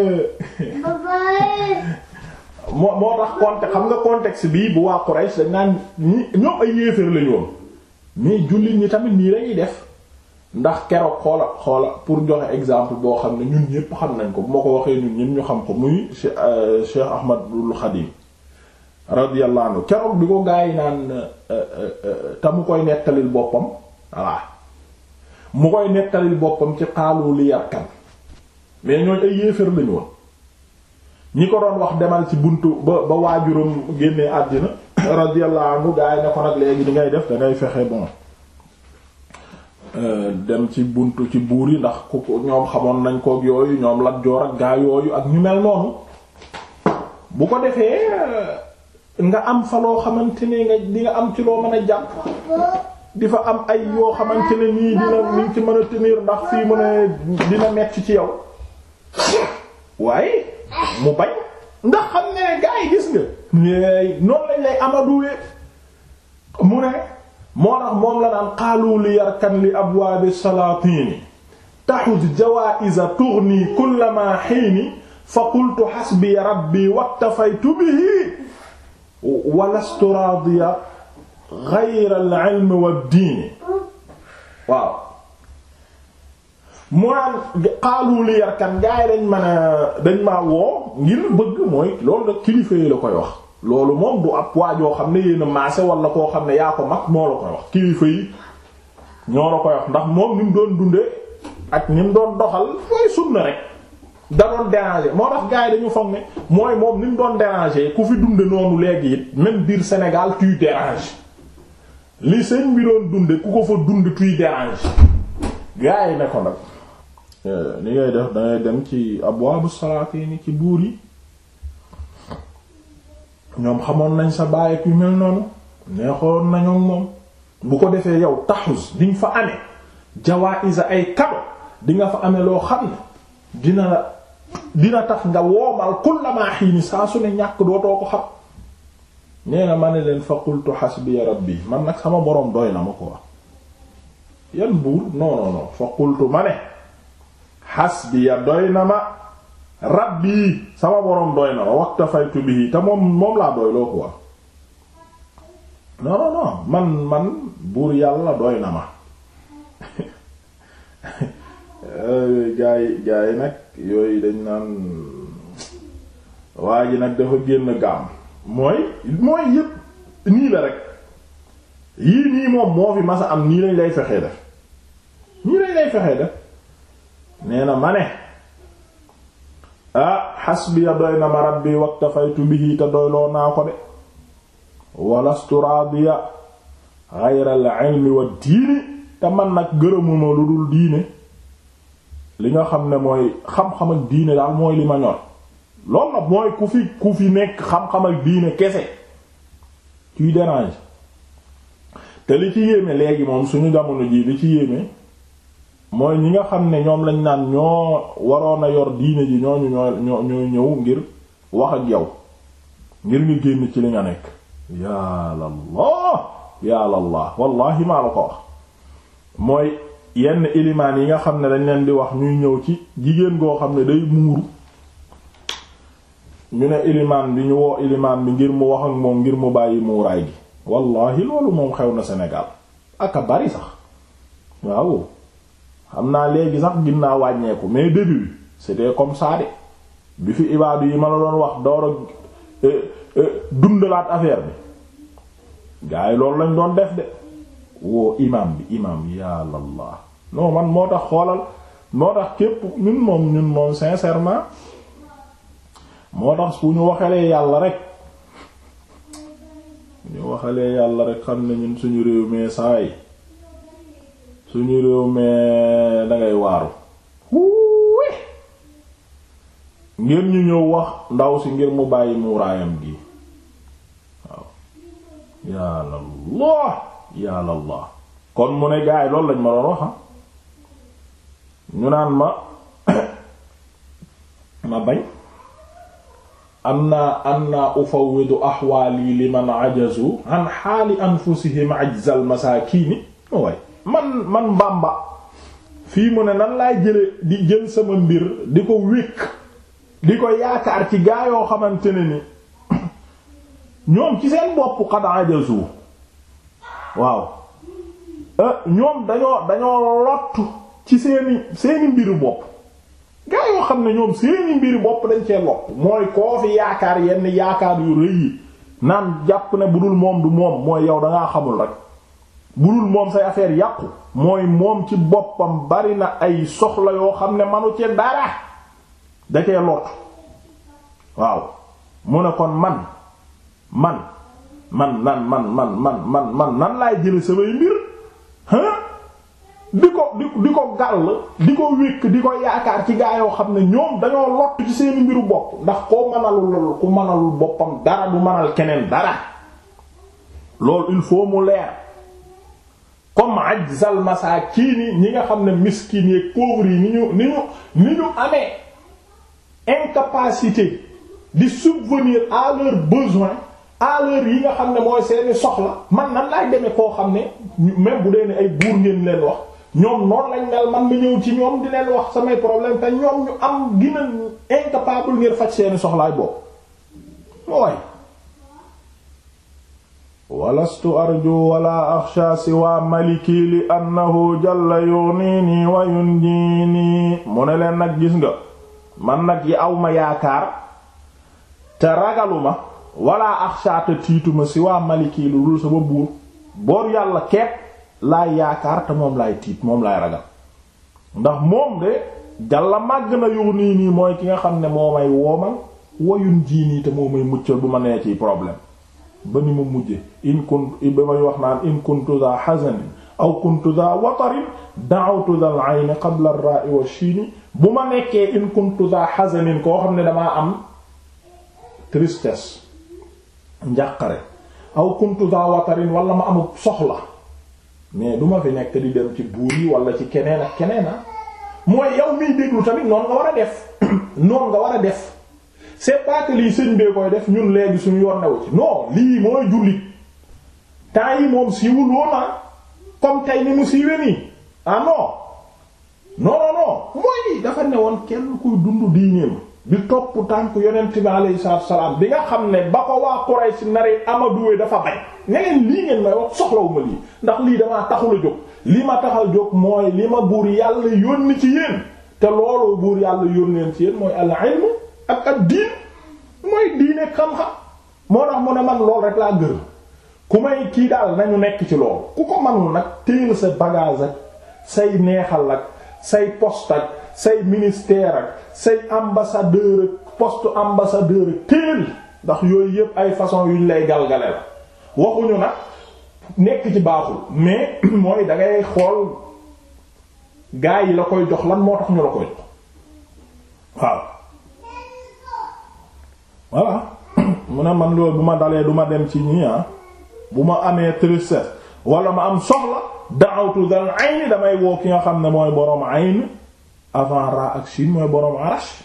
moo moo tax contexte xam nga contexte bii bu waa Quraysh dañ naan ñoom ay yéefar lañu mais jullit ñi tamit nii lañuy def ndax keroog xoola xoola pour joxe exemple boo xam ne ñun ñëpp xam nañ ko bu ma ko waxee ñun ñëpp ñu xam ko muy euh, Cheikh Ahmadul Khadim radiyallahu anhu keroog bi ko gaa yi naan euh, euh, te mu koy nettalil boppam voilà mu koy nettalil boppam ci xaalu li yarkan mais ñooñ ay yéefar lañu ñi ko doon wax demal ci buntu ba ba waajuram génne àddina radiyallahu anhu gaa yi ne ko nag léegi di ngay def da ngay fexe bon euh, dem ci bunt ci buur yi ndax ku ñoom xamoon nañ kook yooyu ñoom Lat Joor ak gaa yooyu ak ñu mel noonu bu ko defee euh, nga am fa loo xamante ne nga di nga am ci loo mën a jàpp di fa am ay yoo xamante ne nii dina niñ ci mën a tenir ndax fii mu ne dina metti ci yow waaye mu bañ ndax xam nga ne gaa yi gis nga noonu lañ lay amaduwee mu ne moo tax moom la naan xaalu li yarkan li abwaabi salaatini taxut jawaïsa tughni kullama xiini fa qultu xasbi rabbi waktafaytu bihi wa lastu raadiya ghayra al ilmi wa diini waaw mu naan xaalu li yarkan gaa yi dañ mën a dañ maa woo ngir bëgg mooy loolu nag kilifa yi la koy wax loolu moom du ab waajoo xam ne yéen a maase wala koo xam ne yaa ko mag moo la koy wax kilifa yi ñoo la koy wax ndax moom ni doon dundee ak ni mu doon doxal mooy sunna rek da doon déranger moo tax gaa yi dañu foog ne mooy moom ni doon déranger ku fi dunde noonu léegi it même biir Sénégal tuy dérange li sëñ bi doon dunde ku ko fa dund tuy dérange gaa yi ne ko nag li ngay def dangay dem ci abwaabu salaatini ci buur yi ñoom xamoon nañ sa baay ak yu mel noonu neexoon nañoo moom bu ko defee yow taxus diñ fa amee jawaïsa ay kado di nga fa amee loo xam ne dina la dina tax nga woomal kullamaa xiini saa su ne ñàkk dootoo ko xam nee na ma ne leen fa qultu xasbiya rabbi man nag sama boroom doy na ma ko wax yan buur non non non ma ne xasbiya doy na ma rab rabbi sama boroom doy na ma waktafaytu bihi te moom moom laa doy loo ko wax non non man man buur yàlla doy na ma gaa yi gaa nag yooyu dañ naan waa ji nag dafa génn gaam mooy mooy yépp nii la rek yii nii moom moo fi masa am nii lañ lay fexee def nii lañ lay fexee def nee na ma ne ah xasbiya doy na ma rabbi waktafaytu bihi te doyloo naa ko de walastu raadiya xayral ilmi wa diini te man nag gërëmuma lu dul diine li nga xam ne mooy xam-xam ak diine daal mooy li ma ñor loolu nag mooy ku fi ku fi nekk xam-xam ak diine kese tuy dérange te li ci yéeme léegi moom suñu jamono jii li ci yéeme mooy ñi nga xam ne ñoom lañ naan ñoo waroon a yor diine ji ñooñu ñoo ñoo ñëw ngir wax ak yow ngir nga génn ci li nga nekk yàllallah yàllallah wallahi maa la ko wax mooy yenn ilimaan yi nga xam ne dañ leen di wax ñuy ñëw ci jigéen goo xam ne day muuru ñu ne ilimaan bi ñu woo ilimaan bi ngir mu wax ak moom ngir mu bàyyi muuraay gi wallahi loolu moom xew na Sénégal ak bari sax waaw xam naa léegi sax ginnaaw wàññeeku mais début bi c'était comme ça bi fi ibaadu yi ma la doon wax door a euh, euh, dundalaat affaire bi gars loolu lañ doon def de woo imam bi imam bi yàlla laa man moo tax xoolal moo tax képp ñun moom ñun moom sincèrement moo tax su ñu waxalee yàlla rek ñu waxalee yàlla rek xam ne ñun suñu réew mi yi suñu réew mee dangay waaru ngir ñu ñëw wax ndaw si ngir mu bàyyi muuraayam gi waaw yàlla loo yàlla loo kon mu ne gaay loolu lañ ma doon wax ñu naan ma ma bañ anna anna ufawwidu ahwaali liman ajazu an xaali anfusihim ajzal masaakiini waay man man Bamba fii mu ne nan laay jële di jël sama mbir di ko wékk di ko yaakaar ci gaa yoo xamante ne ni ñoom ci seen bopp xad ajazu waaw eh, ñoom dañoo dañoo lottu ci seeni seeni mbiru bopp gaa xam ne ñoom seeni mbiru bopp dañ cee lott mooy koo fi yaakaar yenn yaakaar yu rëy yi naan jàpp ne bu dul moom du moom mooy yow dangaa xamul rek budul moom say affaire yàqu mooy moom ci boppam bari na ay soxla yoo xam ne manu ci dara da cee lott waaw mu ne kon man man man nan man man man man man nan laay jële samay mbir hein di ko di ko gàll di ko wékk di ko yaakaar ci gaa yoo xam ne ñoom dañoo lott ci seeni mbiru bopp ndax koo mënalul ku mënalul boppam dara bu mënal keneen dara loolu il faut mu leer comme ajzal masaakiini ñi nga xam ne miskin yeeg pauvre yi ñu ñu ni ñu ni ñu amee incapacité di subvenir à leurs besoins à l'heure yi nga xam ne mooy seeni soxla man na laay demee koo xam ne même bu dee ne ay buur ngeen leen wax ñoom noonu lañ mel man ma ñëw ci ñoom di leen wax samay problème te ñoom ñu am gina incapable ngir faj seeni soxlaay boobu mooy walastu arju wala axsha siwa maliki li annahu jalla yughnini wa yunjini mu ne leen nag gis nga man nag yi awma yaakaar te ragaluma wala axsha te tiituma siwa maliki lu dul sama buur boor yàlla kepp laay yaakaar te moom laay tiit moom laay ragal ndax moom de jàlla màgg na yughnini mooy ki nga xam ne moo may woomal wa yunjini te moo may muccal bu ma nee ci problème ba ni mu mujje in kuntu ba may wax naan in kuntu za hazanin aw kuntu za qabla ar wa shiini bu ma nekkee in kuntu za hazanin koo xam ne damaa am tristesse njàqare aw kuntu za watarin wala ma amul soxla mais du ma fi nekk di dem ci buur yi wala ci keneen ak keneen ah. mooy yow miy déglu tamit a def def c'est pas que bee koy def ñun léegi suñu yoon newu ci non lii mooy jullit temps yi moom siiwul woon ah comme tey ni mu siiwee nii ah non non non non dafa ne woon kenn kuy dund diineem bi topp tànk yonent bi alayhi salaatu salaam bi nga xam ne ba ko waa dafa bay ne leen lii ngeen may wax soxlawuma lii ndax lii damaa taxul jóg li ma tax a jóg mooy li ma buur yàlla yónni ci yéen te loolu buur yàlla yónneen ci yéen mooy al ilmu ak ak diin mooy diine xam-xam moo tax mu ne man lool rek laa gërëm ku may kii daal nañu nekk ci loolu ku ko manul nag téyel sa bagage ak say neexal ak say poste ak say ministère ak say ambassadeur ak poste ambassadeur ak téyel ndax yooyu yëpp ay façon yuñ lay galgale la waxuñu nag nekk ci baaxul mais mooy da xool gaa yi la koy jox lan moo tax ñu la koy waaw voilà mu ne man loolu bu ma dalee du ma dem ci ñi ah bu ma amee tristesse wala ma am soxla da'awtu dal ayni damay woo ki nga xam ne mooy borom ayn avant ra ak shin mooy borom arash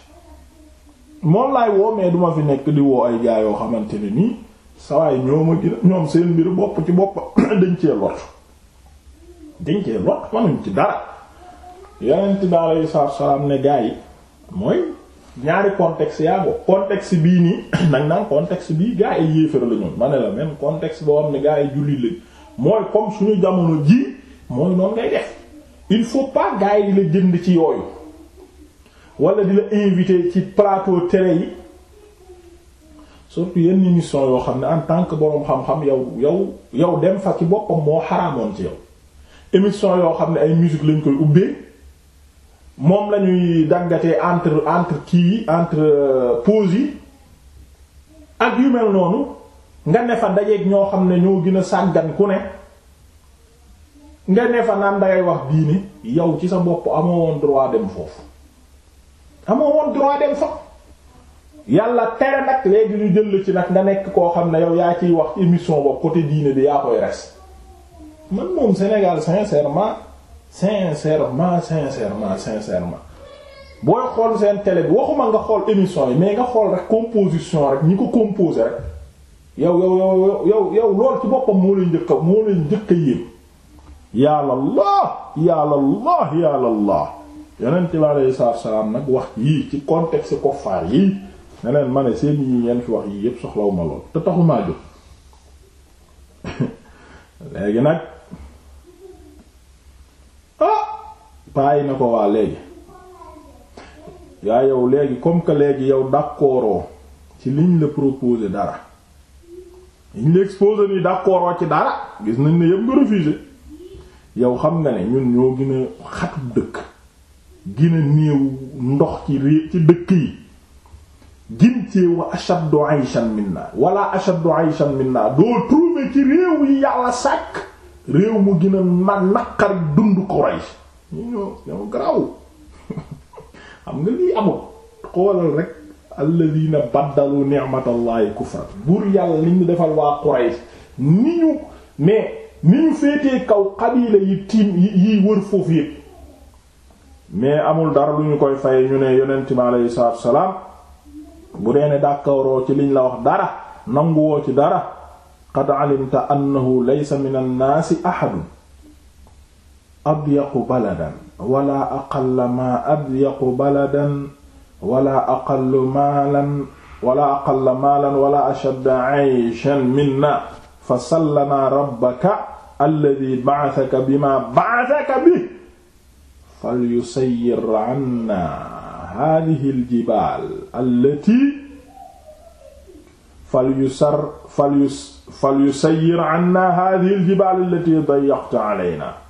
moom laay woo mais du fi nekk di woo ay gaa yoo xamante ni nii sawaay ñoom a gina ñoom seen mbir bopp ci bopp dañ cee lot dañ cee lot manuñ ci dara yonent bi aleyhi salaatu wa salaam ne gaa yi mooy ñaari contexte yaa ngo contexte bii nii nag naan contexte bii gaa yi yéefar la ñoon ma ne la même contexte boo xam ne gaa yi jullit lañ mooy comme suñu jamono ji mooy noonu ngay def il faut pas gaa yi di la jënd ci yooyu wala di la invité ci plateau télé yi surtout yenn émission yoo xam ne en tant que boroom xam-xam yow yow yow dem fa ci boppam moo xaraamoon ci yow émission yoo xam ne ay musique lañ koy ubbee moom la ñuy dangatee entre entre kii entre euh, pause yi ak yu mel noonu nga ne fa ñoo xam ne ñoo gën a sàggan ku ne nga ne fa naan dangay wax diine yow ci sa bopp amoo woon droit dem foofu amoo woon droit dem fa yàlla tere nag léegi ñu jël ci nag nga nekk koo xam ne yow yaa ciy wax émission boobu côté diine bi yaa koy res man moom Sénégal sincèrement sincèrement sincèrement sincèrement booy xool seen télé bi waxuma nga xool émission yi mais nga xool rek composition rek ñi ko composé rek yow yow yow yow yow lool ci boppam moo lay njëkk moo lay njëkk yéem yàlla allah yàlla allah yàlla allah yonent bi aleyhi salaatu salaam nag wax yii ci contexte koffaar yii ne leen ma ne seen yi ngeen fi wax yii yépp soxlawuma lool te taxumaa jóg léegi nag paa yi na ko waa léegi yaa yow léegi comme que léegi yow d'accordoo ci liñ la proposé dara liñ la exposé nii d'accordoo ci dara gis nañ ne yëpp nga refusé yow xam nga ne ñun ñoo gën a dëkk gën néew ndox ci ré ci dëkk yi gin cee wa ashaddu ayshan minna wala ashaddu ayshan minna réew yi yàlla sàkk réew mu gën a naqari dund ñu ñoo ñoo garaw xam nga lii amul xoolal rek alladina baddalu ni'matallahi kufra buur yàlla li ñu defal waa Quraysh ni ñu mais ni ñu féetee kaw xabiila yi tiim yi wër foofu yëpp mais amul dara lu ñu koy faye ñu ne yonent bi aleyhi salaatu salaam bu dee ne dàkkooroo ci liñ la wax dara nanguwoo ci dara qad alimta annahu laysa min annaasi ahadun adyaqu baladan wala aqalla ma adyaqu baladan wala aqallu maalan wala aqalla maalan wala ashadda ayshan minna fa sallanaa rabbaka alladi ba'athaka bima ba'athaka bihi falyusayyir 'annaa haadihi aljibaal allatii falyusar falyusayyir 'annaa haadihi aljibaal allatii dayyaqta 'alaynaa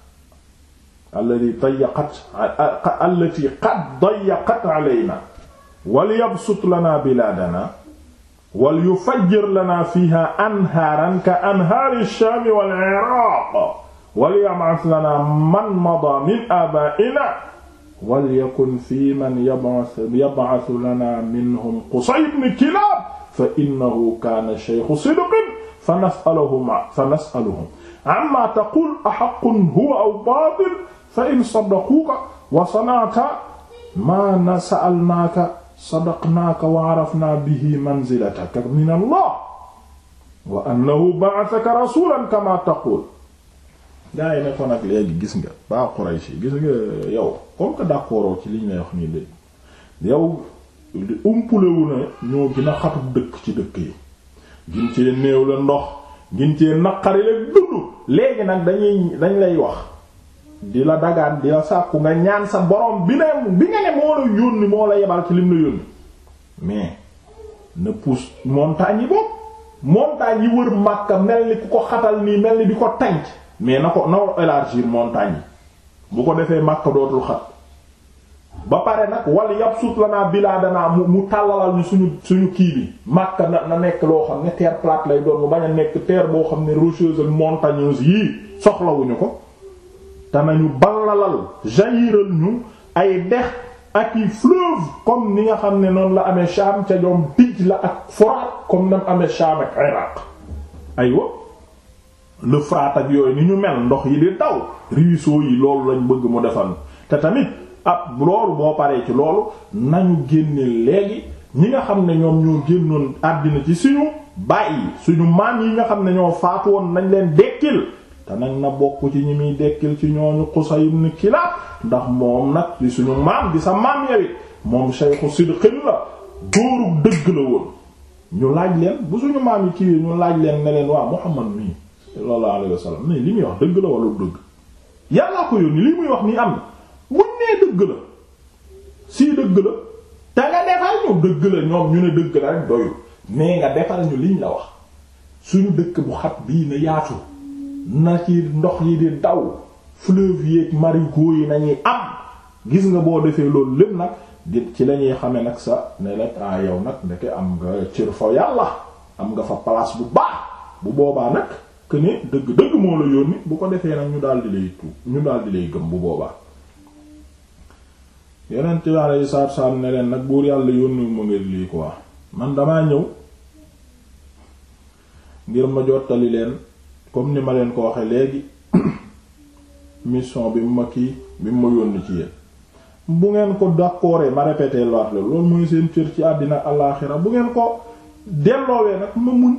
allati dayaqat allati qad dayaqat alayna wal yabsut lana bilaadana wal yufajjir lana fiha anhaaran ka anhaari shaami wal iraaq wal yab'ath lana man madaa min aabaa'ina wal yakun fii man yab'ath lana minhum Qusay ibn Kilaab fa innahu kaana shaykhu sidqin fa nas'aluhum fa nas'aluhum amma taqul ahaqqun huwa aw baatil fa in sadaquuka wa sana'ta maa na sa'alnaaka sadaqnaaka wa arafnaa bihi manzilataka min Allah wa annahu ba'athaka rasulan kama taqul gaa yi ne ko nag léegi gis nga ba Quraysh gis nga yow comme que d'accord ci liñ lay wax nii léegi yow umpule wu ne ñoo gën a xatub dëkk ci dëkk yi gin ci néew la ndox ngin cee naqari la dund léegi nag dañuy dañ lay wax di la dagaan di la sàkku nga ñaan sa borom bi ne bi nga ne moo la yónni moo la yebal ci la yónni mais na pousse montagne yi boobu montagne yi wër Makka mel ni ku ko xatal nii mel ni di ko tànc mais na ko na élargir montagne yi bu ko defee Makka dootul xat ba pare nag wala yabsut la naa bilaadanaa mu mu tàllalal ñu suñu suñu kii bi Makka na na nekk loo xam ne terre plate lay doon mu bañ a nekk terre boo xam ne rocheuse ak montagneuse yii soxlawuñu ko te nañu ballalal jayiral ñu ay dex ak yi fleuve comme ni nga xam ne noonu la amee Sham ca ñoom Dij la ak Furaat comme nam amee Sham ak Iraq aywa le Furaat ak yooyu ni ñu mel ndox yi di daw ruisseaux yi loolu lañ bëgg mu defal te tamit ab ah, loolu boo paree ci loolu nañu génne léegi ñi nga xam ne ñoom ñoo génnoon àddina ci suñu bàyyi suñu maam yi nga xam ne ñoo faatu woon nañ leen dekkil te nag na bokk ci ñu muy dekkil ci ñooñu Qusay ibn Kilaab ndax moom nag di suñu maam di sa maam yawit moom shaykhu sidqin la dóoru dëgg la woon ñu laaj leen bu suñu maam yi kiiwee ñu laaj leen ne leen waa Muhammad mii sallallahu alayhi wasallam mais li muy wax dëgg la wala dëgg yàllaa ko yónni li buñ nee dëgg la si dëgg la te nga defal ñu dëgg la ñoom ñu ne dëgg la rek doyul mais nga defal ñu liñ la wax suñu dëkk bu xat bii na yaatu na ci ndox yi di daw fleuve yeeg marigots yi nañuy am gis nga boo defee loolu lépp nag di ci lañuy xame nag sa ne la ah yow nag ndeke am nga cër fa yàlla am nga fa place bu baax bu boobaa nag que ne dëgg dëgg moo la yónni bu ko defee nag ñu daal lay tuub ñu daal lay gëm bu boobaa yeneen bi yi salaatu salaam ne nag buur yàlla yónni ma ngeen lii quoi man damaa ñëw ngir ma jottali leen comme ni ma leen ko waxe léegi mission bi mu ma kii bi mu ma yónni ci yéen bu ngeen ko d'accordé ma répété loat la loolu mooy seen cër ci àddina alaaxira bu ngeen ko delloowee nag ma muñ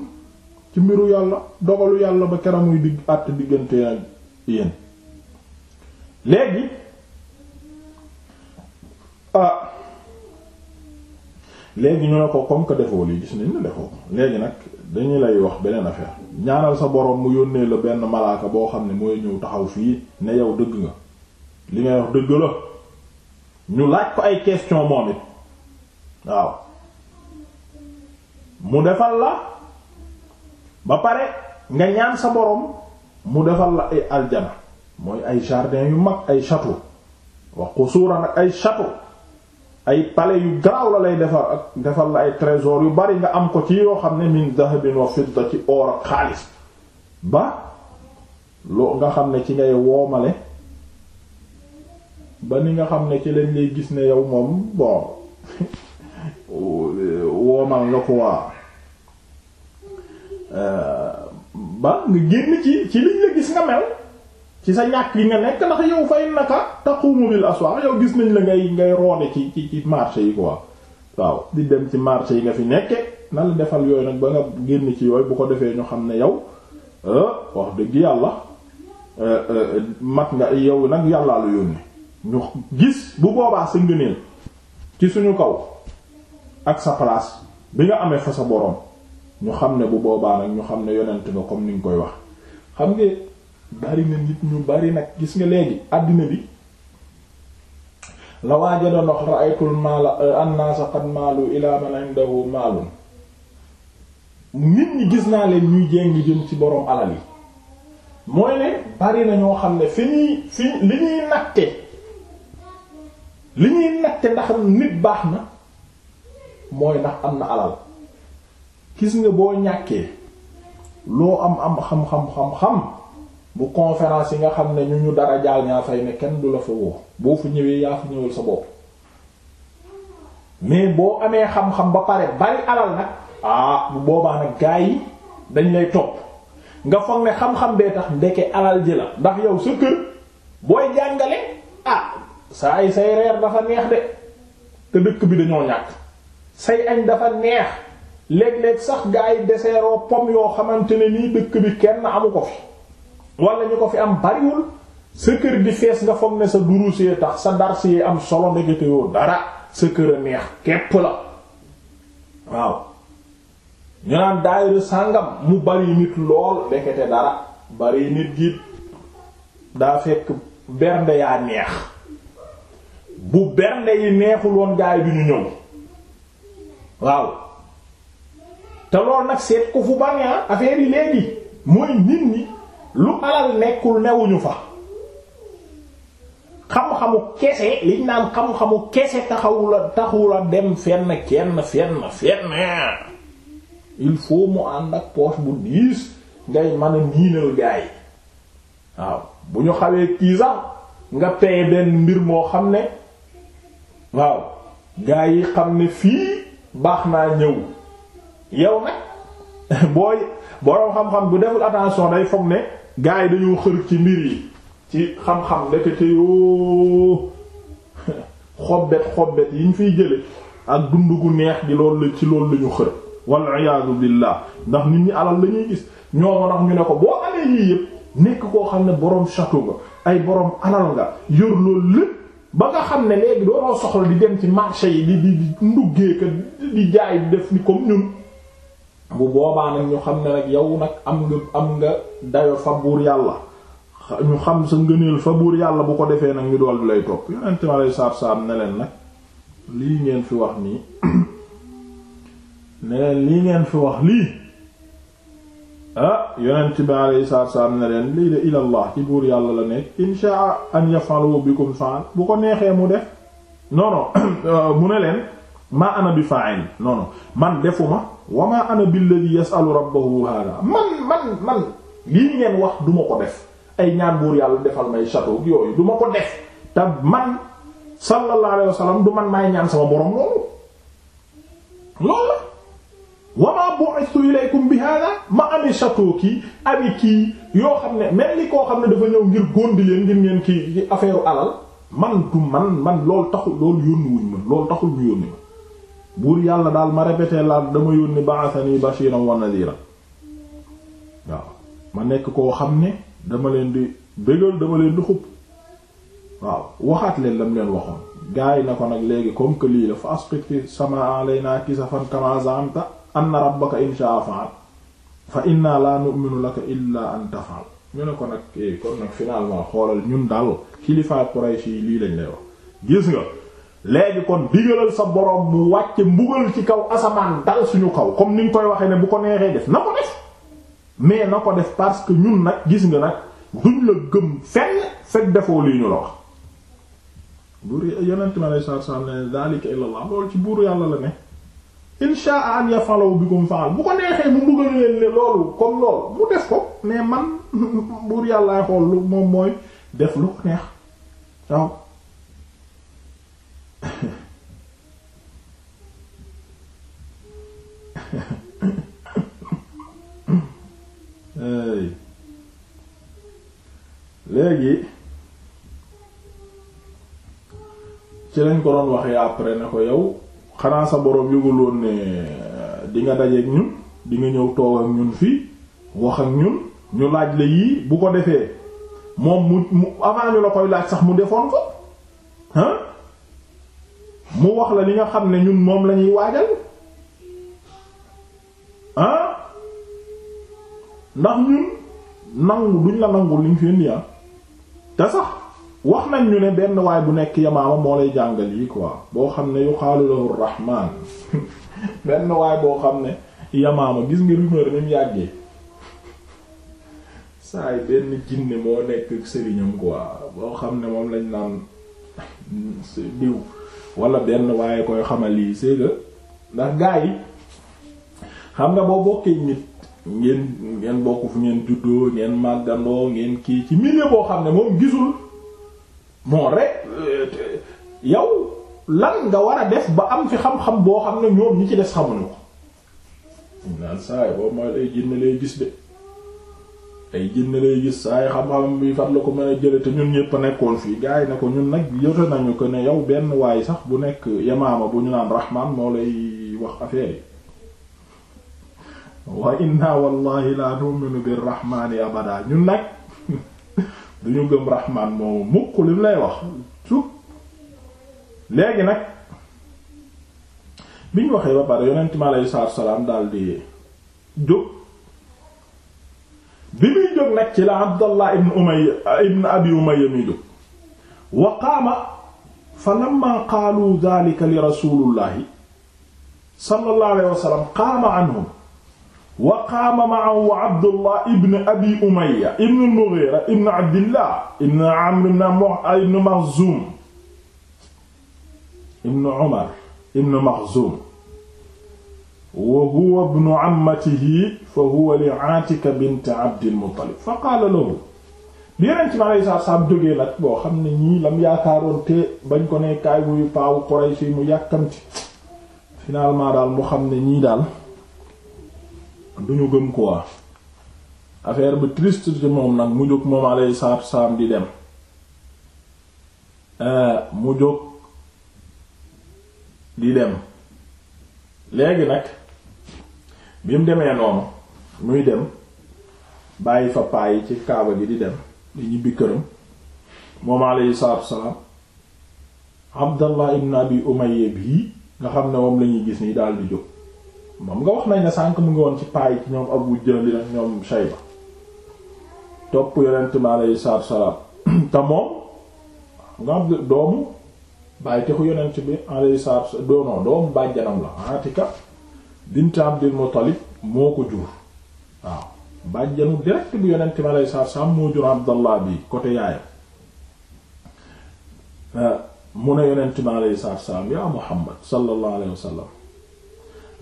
ci mbiru yàlla dogalu yàlla ba keramuy digg àtt diggante ak yéen léegi ah léegi ñu ne ko comme que defoo lii gis nañ ne defoo léegi nag dañu lay wax beneen affaire ñaanal sa boroom mu yónnee la benn malaaka boo xam ne mooy ñëw taxaw fii ne yow dëgg nga li ngay wax dëgg la ñu laaj ko ay question moom it waaw mu defal la ba pare nga ñaan sa boroom mu defal la ay aljana mooy ay jardin yu mag ay château wax ko suura nag ay château ay palais yu garaaw la lay defar ak defal la ay trésor yu bari nga am ko ci yoo xam ne min dahabin wa fidda ci or ak xaalis ba loo nga xam ne ci ngay woomale ba ni nga xam ne ci lañ lay gis ne yow moom bon woomal nga waa euh, ba nga génn ci ci liñ la gis nga mel ci sa ñàkk yi nga nekk ndax yow fay naka taqumu bil aswaq yow gis nañ la ngay ngay roone ci ci ci marché yi quoi waaw di dem ci marché yi nga fi nekke na la defal yooyu nag ba nga génn ci yooy bu ko defee ñu xam ne yow euh, wax dëgg yàlla euh, euh, mat nga yow nag yàllaa la yónni ñu gis bu boobaa sa ngëneel ci suñu kaw ak sa place bi nga amee fa sa boroom ñu xam ne bu boobaa nag ñu xam ne yonent nga comme ni nga koy wax xam nga bari na nit ñu bari nag gis nga léegi àddina bi la waaja doon wax ra'aytul maala eh, annaasa qad maalu ila man indahu maalun nit ñi gis naa leen ñuy jéng jëm ci borom alal yi mooy ne bari na ñoo xam ne fi ñuy fi li ñuy natte li ñuy natte ndax nit baax na mooy ndax am na alal gis nga boo ñàkkee loo am am xam-xam-xam-xam bu conférence yi nga xam ne ñu ñu dara jaal ñaa fay ne kenn du la fa woo boo fa ñëwee yaa fa ñëwal sa bopp mais boo amee xam-xam ba pare bari alal nag ah bu boobaa nag gaa yi dañ lay topp nga foog ne xam-xam bee tax ndeke alal ji la ndax yow sa kër booy jàngale ah sa ay say reer dafa neex de te dëkk bi dañoo ñàkk say añ dafa neex léeg-léeg sax gaa yi deseeroo pom yoo xamante ne nii dëkk bi kenn amu ko fi wala ñu ko fi am bariwul sa kër di fees nga foog ne sa durusee tax sa dars am solo ndekete yoo dara sa kër a neex képp la waaw ñu naan daayira sàngam mu bari nit lool ndekete dara bari nit gi daa fekk bernde yaa neex bu bernde yi neexul woon gaay bi ñu ñëw waaw te lool nag seet ko fu bari ah, affaire yi léegi mooy nit ñi lu alal nekkul newuñu fa xam-xamu kese liñ naan xam-xamu kese taxawu la dem fenn kenn fenn fenn il faut mu ànd ak poche bu diis ngay man a niinal gaay waaw bu ñu xawee kii sax nga paye benn mbir moo xam ne waaw gaay yi xam ne fii baax naa ñëw yow nag booy boroom xam-xam bu deful attention day foog ne gaa yi dañoo xër ci mbir yi ci xam-xam ndekete yoo xobbet xobbet yi ñu fiy jële ak dund gu neex gi loolu la ci lool la ñu xër wal iyaadu billah ndax nit ñi alal lañuy gis ñoo tax ñu ne ko boo amee yii yëpp nekk koo xam ne boroom château nga ay boroom alal nga yor loolu lépp ba nga xam ne léegi dooroo soxla di dem ci marché yi di di di nduggee ka di jaay di def ni comme ñun bu boobaa nag ñu xam ne nag yow nag am nga am nga dayo fa buur yàlla ñu xam sa ngëneel fa buur yàlla bu ko defee nag ñu dool lay topp yonent mi aleyhi salaatu salaam ne lii ngeen fi wax nii ne leen ngeen fi wax lii ah yonent bi aleyhi salaatu salaam ne lii de ilallah ci buur yàlla la nekk inshaa an yafalu bikum fa'al bu ko neexee mu def non non euh, mu ne leen ma ana bi fa'il non non man defuma wa ma ana billadi yasalu rabbahu hada man man man lii ngeen wax duma ko def ay ñaan buur yàlla defal may château yooyu duma ko def te man sallallahu alayhi la wa ma bu'ithu ilaykum bi hada ma ami kii ami yoo xam ne mel ni koo xam ne dafa ñëw ngir góondi leen ngir ngeen kii affaire alal man du man man loolu taxul loolu yónni wuñ loolu taxul ñu yónni buur yàlla daal ma répété laal dama yónni ba'athani bashiran wa nadhira waaw ma nekk koo xam ne dama leen di bégal dama leen di xub waaw waxaat leen lam leen waxoon gars yi na ko nag léegi comme que lii la fa aspecti sama alayna kisafan kama za'amta anna rabbaka insha'a fa'al fa inna la nu'minu illa an taf'al ñu ne ko nag eh, kon nag xoolal ñun daal kilifa Quraysh yi lii lañ lay wax gis nga léegi kon digalal sa borom mu wàcce mbugal ci kaw asamaan dal suñu kaw comme ni ñu koy waxee ne bu ko neexee def na ko def mais na ko def parce que ñun nag gis nga nag duñ la gëm fenn fekk defoo lii ñu la wax buur yonent mi alei satu ne daalika illallah loolu ci buur yàlla la ne inshaa an yafalu bikum faal bu ko neexee mu mbugal ne loolu comme loolu mu def moom mooy def lu ko neex waaw léegi ci lañ ko doon waxee après ne ko yow xanaa sa boroom yëgul woon ne eh, dinga nga dajeek ñun di ñëw toog ak ñun fii wax ak ñun ñu laaj la yii bu ko defee moom mu mu avant la koy laaj sax mu defoon ko mu wax la li nga xam ne ñun moom lañuy waajal ah ndax ñun nangu duñ la nangu liñ fi indi te sax wax nañ ñu ne benn waay bu nekk yamaama moo lay jàngal yi quoi boo xam ne yuqaalu lahu rahmaan benn waay boo xam ne yamaama gis nga rumeur ni mu yàggee saa yi benn jinne moo nekk sëriñam quoi boo xam ne moom lañ naan diw wala benn waaye koy xamal lii c'est que ndax gaa yi xam nga boo bokkee nit ngeen ngeen bokk fu ngeen juddoo ngeen màggandoo ngeen kii ci milieu boo xam ne moom gisul bon rek euh, yow lan nga war a def ba am fi xam-xam boo xam ne ñoom ñi ci des xamuñu ko naan saay boobu mooy lay jinne lay gis de ay jinne lay gis saay xam-xam bi fan la ko mën a jële te ñun ñëpp nekkoon fii gars yi ne ko ñun nag yote nañu ko ne yow benn waay sax bu nekk yamaama bu ñu naan rahman moo lay wax affaire wa inna wallahi la nu'minu bir rahmani abada ñun nag duñu gëm rahman moomu mukk lim lay wax su léegi nag biñ waxee ba pare yonent mi alayhi salaatu salaam daal di jóg bi muy jóg nag ci la Abdallah ibn Umayya ibn Abi Umayya muy jóg wa qaama fa lamma qaalu dhalika li rasulillahi sallallahu alayhi wa sallam qaama anhum wa qaama ma'ahu Abdallah ibn Abi Umayya ibn al-Mughira ibn Abdillah ibn Amr ibn Makhzum ibn Umar ibn Makhzum wa huwa ibnu ammatihi fa huwa li Aatika bint Abdil Muttalib fa qaala lahu bi yeneen ci malay saa saam jógee nag boo xam ne ñii lam yaakaaroon te bañ ko ne kaay muy paawu Quraysh mu yàkkamti finalement daal mu xam ne ñii daal duñu gëm quoi affaire bi triste ci moom nag mu jóg moom alay saam di dem euh, mu jóg di dem léegi nag bi mu demee noonu muy dem bàyyi fa paa yi ci kaaba gi di dem di ñibbi këram moom alayhi salaatu wasalaam Abdallah ibn Abi Umayya bii nga xam ne moom la ñuy gis nii daal di jóg moom nga wax nañ ne sànq mu ngi woon ci paa yi ci ñoom Abu Jahl ak ñoom Shayba topp yonent mi alayhi salaatu wasalaam te moom nga am doomu bàyyi texu yonent bi alayhi salaatu wasalaam doomu bàjjanam la Atika bint Abdul Muttalib moo ko jur waaw bàjjanu direct bu yonent mi alayhi salaatu salaam moo jur Abdallah bi côté yaayam euh, mu ne yonent mi alayhi salaatu salaam yaa Muhammad sallallahu alayhi wa sallam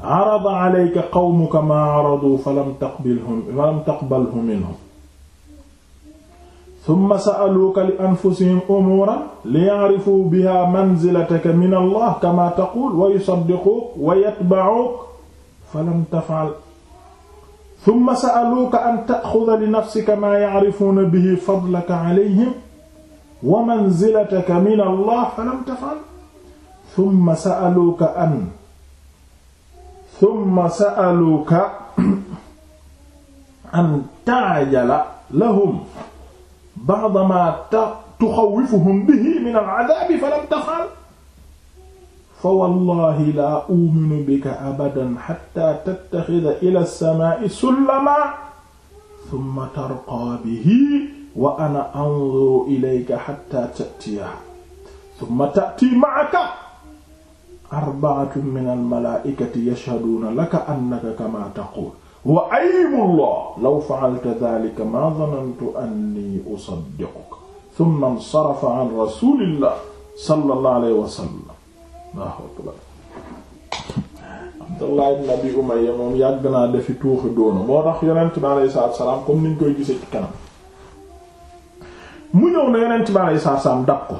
arada alayka qawmuka maa aradu falam taqbilhum falam taqbalhum minhum summa sa'aluuka li anfusihim umuuran liya'rifuu bihaa manzilataka min Allah kamaa taquul wa yusaddiquuka wa yatba'uuka falam tafal tumma sa'aluuka an ta'xuda li nafsika maa ya'rifuuna bihi fadlaka alayhim wa manzilataka min allah falam tafal tumma sa'aluuka an tumma sa'aluuka an ta'jala lahum ba'da maa tuxawwifuhum bihi min al'adaabi falam tafal fa wallahi laa uuminu bika abadan xatta tattaxida ila lsamaai sullamaa summa tarqaa bihi wa ana anzuru ilayka xatta tatiyaha summa tatii maaka arbaatu min almalaaikati yashhaduuna laka annaka kama taqul wa aymullah law fa'alta dhalika ma dhanantu anni usaddiquka thumma insarafa an rasulillah sallallahu alayhi wa sallam Allahu akbar Abdallah ibn Abi Umayya moom yàgg naa defi tuuxi doonu moo tax yonent bi alayhi salaatu salaam comme niñ koy gisee ci kanam mu ñëw na yonent bi alayhi salaatu salaam dab ko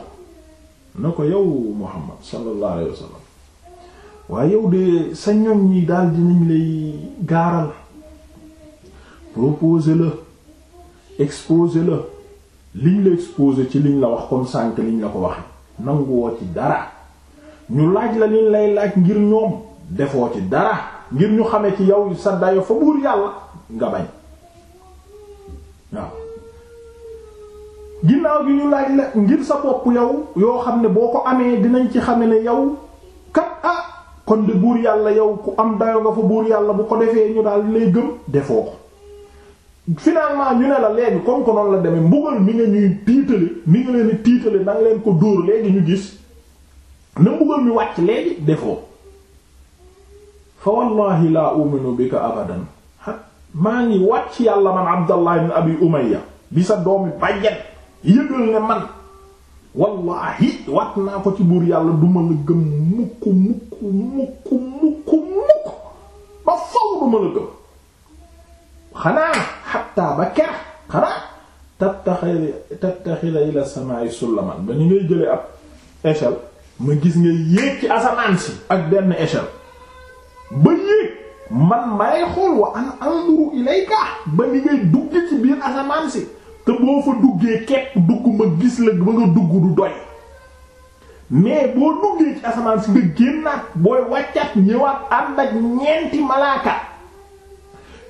na ko yow Muhammad sallallahu alayhi wa sallam waaye yow de sa ñoñ ñi daal dinañ lay gaaral proposer la exposer la liñ la exposer ci liñ la wax comme sànk liñ la ko wax nanguwoo ci dara ñu laaj la lay laaj ngir ñoom defoo ci dara ngir ñu xame ci yow sa dayo fa buur yàlla nga bañ waaw ginnaaw bi ñu laaj la ngir sa bopp yow yoo xam ne boo ko amee dinañ ci xame ne yow kat a ah, kon de buur yàlla yow ku am dayo nga fa buur yàlla bu ko defee ñu daal lay gëm defoo ko finalement ñu ne la léegi comme que noonu la demee mbugal mi nga ñuy tiitale mi nga leen tiitale nanga leen ko dóor léegi ñu gis na mbugal mi wàcc léegi defoo fa wallahi laa uminu bika abadan maa ngi wàcc yàlla man abdallah ibn abi umayya bi sa doomi bàjjen yëgal ne man wallahi wat naa ko ci buur yàlla duma la gëm mukk mukk mukk mukk mukk ba faw duma la gëm xanaa xatta ba ker xanaa tattaxila ila samaa'i sulaman ba ni ngay jële ab échelle ma gis nga yéeg ci asamaan si ak benn échelle ba yéeg man ma xool wa an anduru ilayka ba ni ngay dugge ci biir asamaan si te boo fa duggee kepp dugg ma gis la ba nga dugg du doy mais boo duggee ci asamaan si nga génnaat booy wàccaat ñëwaat ànd ak ñeenti malaaka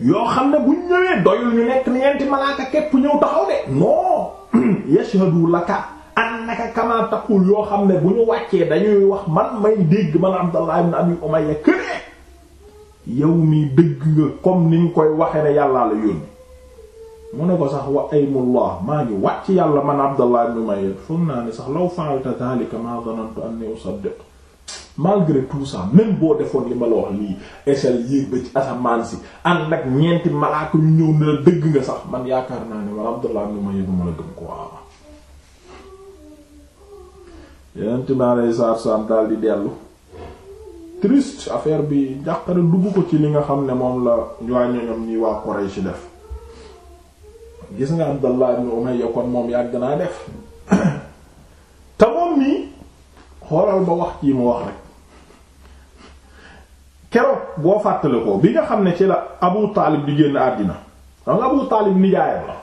yoo xam ne bu ñëwee doyul ñu nekk ñeenti malaaka kepp ñëw taxaw de non yashhadu laka an naka kama yoo xam ne bu ñu wàccee dañuy wax man may dégg man Abdallah ibn Abi Umayya kënee yow mi dëgg nga comme ni nga koy waxee ne yàllaa la yónni mu ne ko sax wa aymullah maa ngi wàcc yàlla man Abdallah ibn Umayya foog naa ne sax law fa'alta dhalika ma dhanantu anni usaddiq malgré tout ça même boo defoon li ma la wax lii échelle yéeg ba ci asamaan si ànd ak ñeenti malaaka ñu ñëw ne la dëgg nga sax man yaakaar naa ne man Abdallah ibn Umayya yeneen timaale yi saar daal di dellu triste affaire bi njàqare dugg ko ci li nga xam ne moom la ñoom ñi waa Quraysh def gis moom yàgg naa def te moom mu wax boo fàttale bi nga xam ne ci la Abu Taalib di génn àddina xam nijaayam la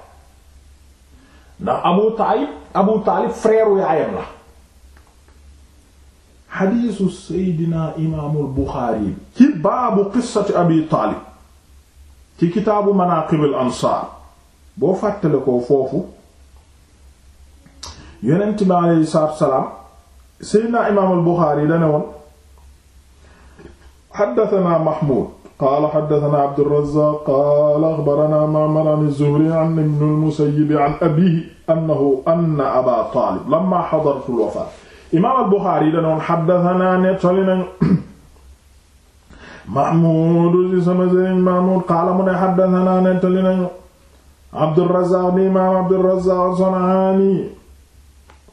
ndax Abu Taalib Abu Taalib frère yaayam la xadiisu seydina imaamul buxaari ci baabu qissati abi taalib ci kitaabu manaaqibil ansaar boo fàttale ko foofu yonent bi aleyhi salaatu wasalaam seydina imaamul buxaari dane woon xaddatanaa mahmuud qaala xaddatanaa abdurrazaaq qaala axbaranaa ma'mar an zuhri an ibnil musayyib an abiihi annahu anna abaa taalib lammaa xadaratul wafaat imaam al-Buxaari yi danoon xaddasanaa nettali nañu Mahmuud si sama sëriñ Mahmuud qaala mu ne xaddasanaa nettali nañu Abdurrazaaq ni imaam Abdurrazaaq as-San'aani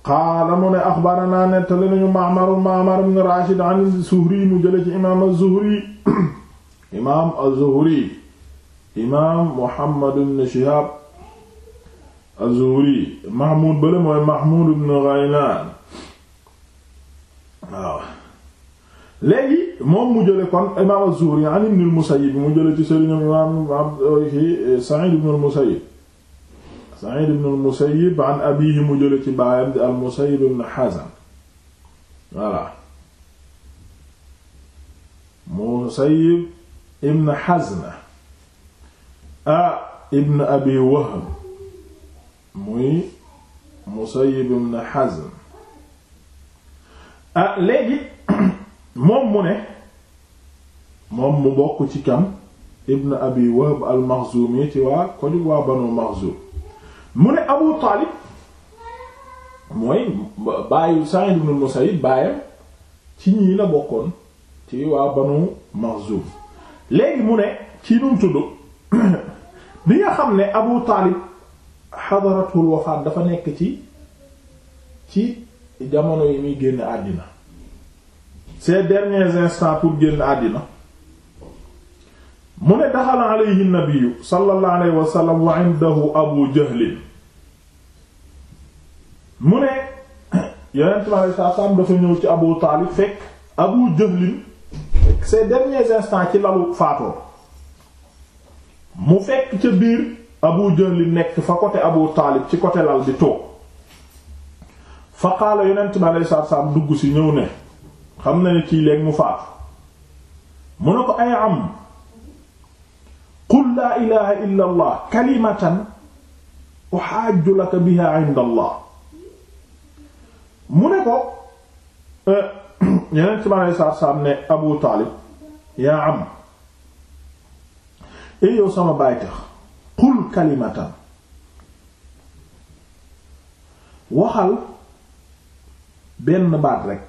qaala mu ne axbaranaa nettali nañu Ma'mar Ma'mar ibn Raashid an az-Zuhri mu jële ci imaam az-Zuhri imaam az-Zuhri imaam Muhammad ibn Shihaab az-Zuhri Mahmuud bale mooy Mahmuud ibn Ghaylaan waaw léegi moom mu jële kon imaam az-Zuhri an ibn al-Musayyib mu jële ci sëriñam imaam euh, ki euh, Sa'id ibn al-Musayyib Sa'id ibn al-Musayyib an abiihi mu jële ci baayam di al-Musayyib ibn Hazn voilà Musayyib ibn Hazn a ibn Abi Wahb muy Musayyib ibn Hazn ah léegi moom mu ne moom mu bokk ci kam ibn abi wahb al maxzumi ci waa koju waa banu maxzum mu ne abu taalib mooy baayu sa'id ibn musayyib baayam ci ñii la bokkoon ci waa banu maxzum léegi mu ne ci num tudd bi nga xam ne abu taalib xadaratul wafaat dafa nekk ci ci ci jamono yi muy génn àddina ces derniers instants pour génn àddina mu ne daxala alayhi nabiyu sallallahu alayhi wa sallam abu jahlin mu ne yonent bi alayhi salaatu dafa ñëw ci abu taalib fekk abu jahlin ces derniers instants ci lalu faatoo mu fekk ca biir abu jahlin nekk fa côté abu taalib ci côté lal di toog fa qaala yonent bi dugg si ñëw ne xam na ne kii léegi mu faatu mu ne ko ay am qul laa ilaha illa allah kalimatan uxaaju laka biha eh, am eh, waxal benn baat rek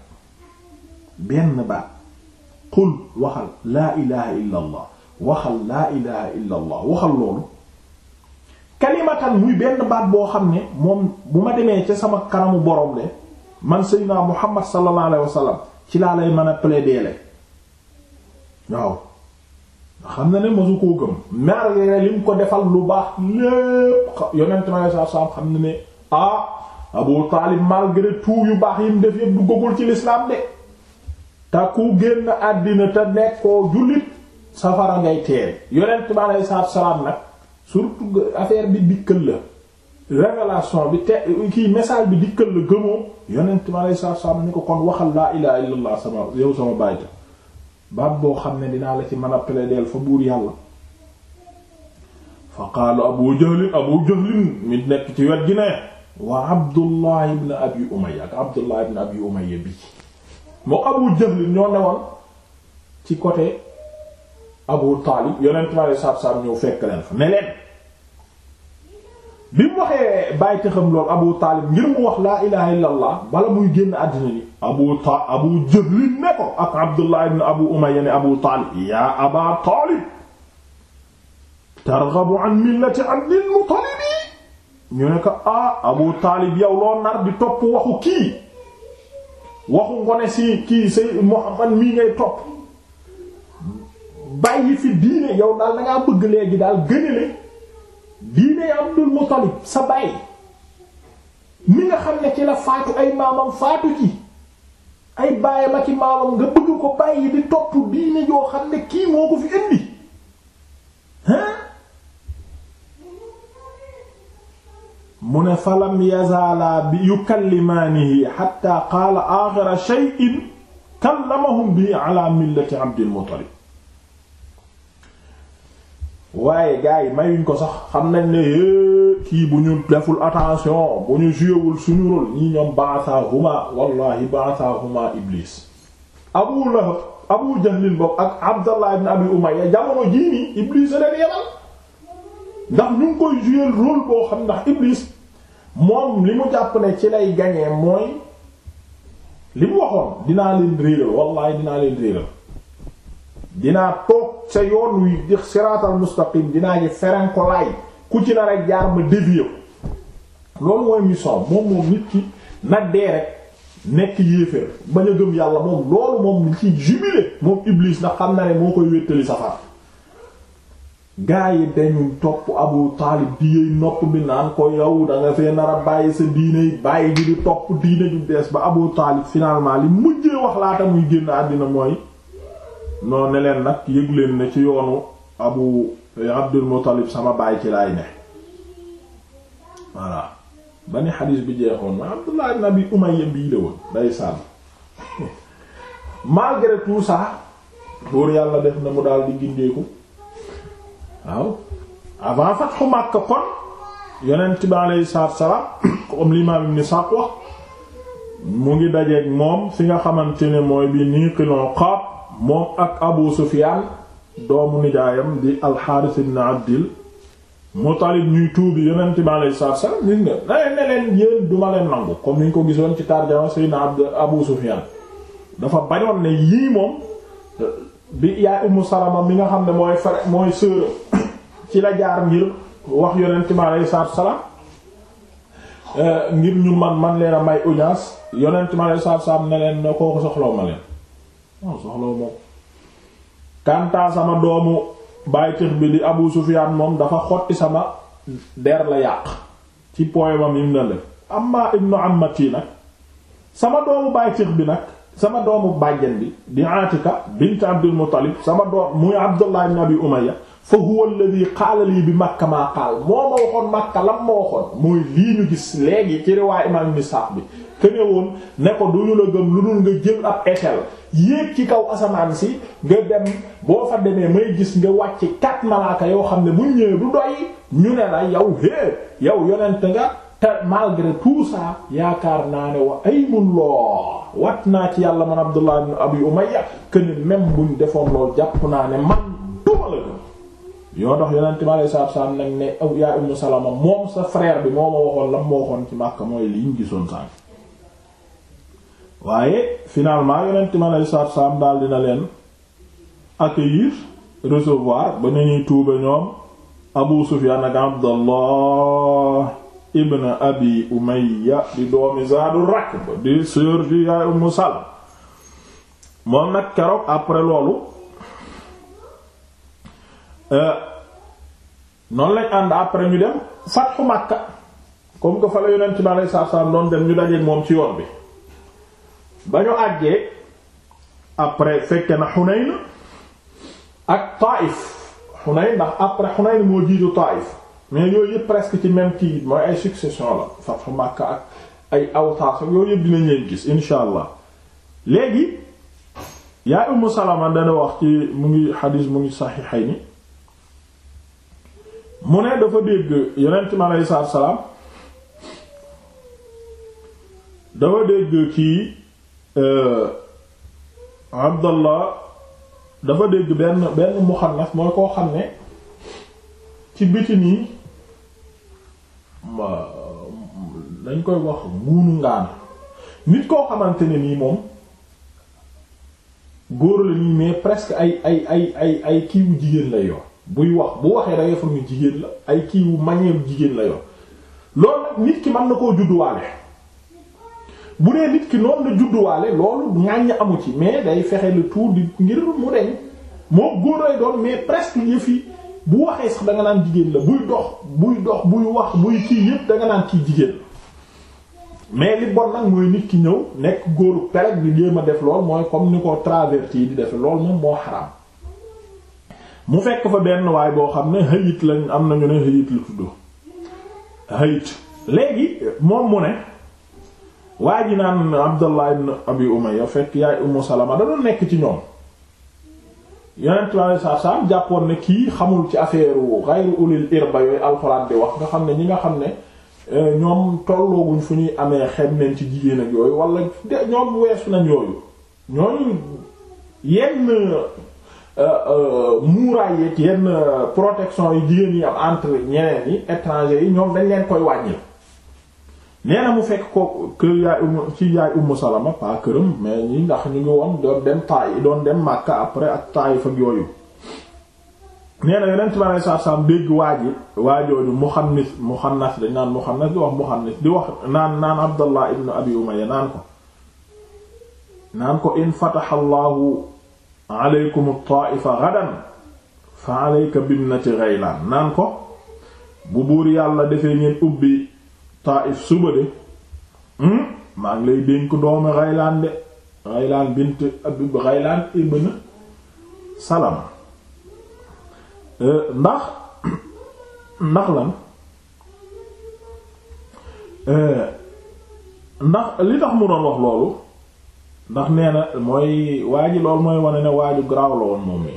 benn baat qul waxal laa ilaha illa allah waxal laa ilaha illa allah waxal loolu kalimatan muy benn baat boo xam ne moom bu ma demee ca sama kanamu borom le man sayyidina muhammad sallallahu alayhi wasallam ci laa lay mën a plaider waaw xam na ne masu koo gëm malgré ko defal lu baax lépp yonent ma sallallahu alayhi wasallam xam na ne ah Abu Taalib malgré tout yu baax yim def yëpp duggagul ci lislaam de te ku génn àddina te nekkoo jullit safara ngay teere yonent bi aleyhi salaatu salaam nag surtout affaire bi dikkal la révélation bi te kii message bi dikkal la gëmoo yonent bi aleyhi salaatu salaam ni ko kon waxal laa ilaaha illallaah sama yow sama bàyta baat boo xam ne dinaa la ci mën a plaider fa buur yàlla fa qaala Abu Jahlin Abu Jahlin mi nekk ci wet gi wa Abdullah ibn Abi Umayya ak Abdullah ibn Abi Umayya bi moo Abu Jahl ñoo newoon ci côté Abu Taalib yonent ma saab-saab ñëw fekk leen fa ne leen bi mu waxee bàyyi xam loolu Abu Taalib ngir mu wax laa ilaha illa allah bala muy génn àddina ni Abu Ta Abu Jahl ne ko ak Abdullah ibn Abu Umayya ne Abu Taalib yaa Aba Taalib targhabu an millati Abdil Muttalib ñu ne ko ah Abu Taalib yow loo nar di topp waxu kii waxu ngone si kii say Muhammad mii ngay topp bàyyi fi diine yow daal da ngaa bëgg léegi daal gënale diine Abdul Muttalib sa bàyyi mi nga xam ne ci la faatu ay maamam faatu ci ay baayam ak i maamam nga bëgg ko bàyyi di topp diine yoo xam ne kii moo ko fi indi hein mu ne falam yazaalaa bi yukallimaanihi xatta qaala aaxira shay'in kallamahum bihi ala millati abdil muttalib waaye gars yi mayuñ ko sax xam nañ ne eh, kii bu ñu deful attention bu ñu jouéwul suñu rôle ñii ñoom baasaahuma wallahi baasaahuma iblis abu lahab abu jahlin bopp ak abdallah ibn abi umayya jamono jii nii iblis leen yebal ndax ñu ngi koy jouer rôle boo xam ndax Iblis moom li mu jàpp ne ci lay gañee mooy li mu waxoon dinaa leen réeral wallahi dinaa leen réeral dinaa toog sa yoon wi di siraatal mustaqim dinaa ji ferenkolaay ku ci na rek jaar ma dévier ko loolu mooy mission moom moom nit ki na dee rek nekk yéeféer bañ a gëm yàlla moom loolu moom li ci jubilé moom Iblis ndax xam na ne moo koy wéttali safara gaa yi dañu topp Abu Taalib di yëy nopp bi naan ko yow da nga fee nar a bàyyi sa diine bàyyi ji di topp diine ju bees ba Abu Taalib finalement li mujjee wax laata muy génn àddina mooy noo ne leen nag yëg ne ci yoonu Abu Abdul Muttalib sama bàyyi ci laay ne voilà ba ni xadiis bi jeexoon ma Abdullah ibn Abi Umayya bii la woon day sànn malgré tout ça buur yàlla def na mu daal di gindeeku waaw avant fatxu Makka kon yonent bi aleyhi salaatu salaam comme l'imam Ibn Sa'd wax mu ngi dajeeg moom fi nga xamante ne mooy bi Niqil Uqab moom ak Abu Sufyaan doomu nijaayam di al-Haaris ibn Abdil Muttalib ñuy tuubi yonent bi aleyhi salaatu salaam gis nga nee ne yéen duma leen nangu comme ni ñu ko gisoon ci tarjama Seydina Abd Abu Sufyaan dafa bañoon ne yii moom bi yaay Ummu Salama mi nga xam ne mooy frère mooy sœur ci la jaar ngir wax yonent mi aleyhi salaam euh, ngir ñu man man leen a may audience yonent mi aleyhi salaatu wa salaam ne leen ne kooku soxlaw ma leen kantaa sama doomu bàytix bi di Abu Sufyaan moom dafa xotti sama der la yàq ci poemam yi mu na def amma ibnu ammati nag sama doomu bàytix bi nag sama doomu bàjjen bi di Atika bint Abdul Muttalib sama doom muy Abdullah ibn Abi Umayya fa huwa alladhi bi makka maa qaal moo ma waxoon makka lam ma waxoon mooy lii ñu gis léegi ci riwaay imaam misaaf bi këne woon ne ko duñu la gëm lu dul nga jël ab échelle yéeg ci kaw asamaan si nga dem boo fa demee may gis nga wàcc kat malaaka yoo xam ne buñ ñëwee du doy ñu ne la yow hee yow yonent nga te malgré tout ça yaakaar naa ne wa aymullah wat naa ci yàlla man Abdullah ibn Abi Umayya këne même buñ defoon lool jàpp naa ne man duma la gëm yoo tax yonent mi alei satu salaam nag ne aw yaa Ummu Salama moom sa frère bi moo ma waxoon lam ma waxoon ci Makka mooy liñ gisoon sànq waaye finalement yonent mi alei satu salaam daal dina leen accueillir recevoir ba ne ñuy tuube ñoom Abu Sufyaan ak Abdallah ibn Abi Umayya di doomi Zaadu Rakb di sœur di yaay Ummu Salama moom nag keroog après loolu Euh, noonu lañ ànd après ñu dem fatxu Makka comme que fa la yonent bi aleyhi salaatu salaam doon dem ñu dajeek moom ci yoon bi ba ñu àggee après fekke na Xunayn ak Taïf Xunayn ndax après Xunayn moo jiitu Taïf mais yooyu yëpp presque ci même kii mooy ay succession la fatxu Makka ak ay Awtaas yooyu yëpp dinañ leen gis insha allah léegi yaa Ummu Salama dana wax ci mu ngi xadiis mu ngi saxiixayni mu ne dafa dégg yonent mi aleyhi dafa dégg kii euh, Abdallah dafa dégg benn benn muxannaf mooy koo xam ne ci biti nii dañ koy wax nguunu ngaana nit koo xamante ne nii moom góor la nii mais presque ay ay ay ay ay kiiwu jigéen lay yor buy wax bu waxee da ngay ni jigéen la ay kii wu manière jigéen la yor loolu nit ki mën na koo judduwaale bu dee nit ki noonu la judduwaale loolu ñaañ amu ci mais day fexe le tout di ngir mu deñ moo góor lay doon mais presque yëf yi bu waxee sax da naan jigéen la buy dox buy dox buy wax buy kii yépp da naan kii jigéen la mais li bon nag mooy nit ki ñëw nekk góoru perek bi jéem a def lool mooy comme ni ko traverti di defe lool moom moo xaraam mu fekk fa benn waay boo xam ne hayit lañ am nañu ne hayit lu tudd hayit léegi moom mu ne waa ji naan Abdallah ibn Abi Umayya fekk yaay Ummu Salama da nekk ci ñoom yonent bi alei satu salaam jàppoon ne kii xamul ci affaire ghayru ulil irba yooyu alxuraan di wax nga xam ne ñi nga xam ne euh, ñoom tollooguñ fu ñuy amee xem neen ci jigéen ak yooyu wala ñoom weesu nañ yooyu ñooñu yenn Euh, euh, muuraay yeeg yenn euh, protection yi jigéen yi am entre ñeneen yi étrangers yi ñoom dañ leen koy wàññil nee na mu fekk ko kër yaay um ci yaay Ummu Salama pas këram mais ñi ndax ñu ngi woon doon dem taay doon dem Makka après ak Taayif ak yooyu nee na yeneen tubaab yi sax saam dégg waa ji waajooju Muxannis Muxannas dañ naan Muxannas di wax Muxannis di wax naan naan Abdallah ibn Abi Umayya naan ko naan ko in fatahallahu aleykum taifa gadan fa aleyka bimnati Ghaylan naan ko bu buur yàlla defee ngeen ubbi taaif suba de hmm? maa ngi lay dénk doomi Ghaylan de Ghaylan bint Ghaylan ibn Salama eh, ndax ndax lan eh, ndax li tax mu doon wax loolu ndax nee na mooy waa ji mooy wane ne waaju garaaw la moom mi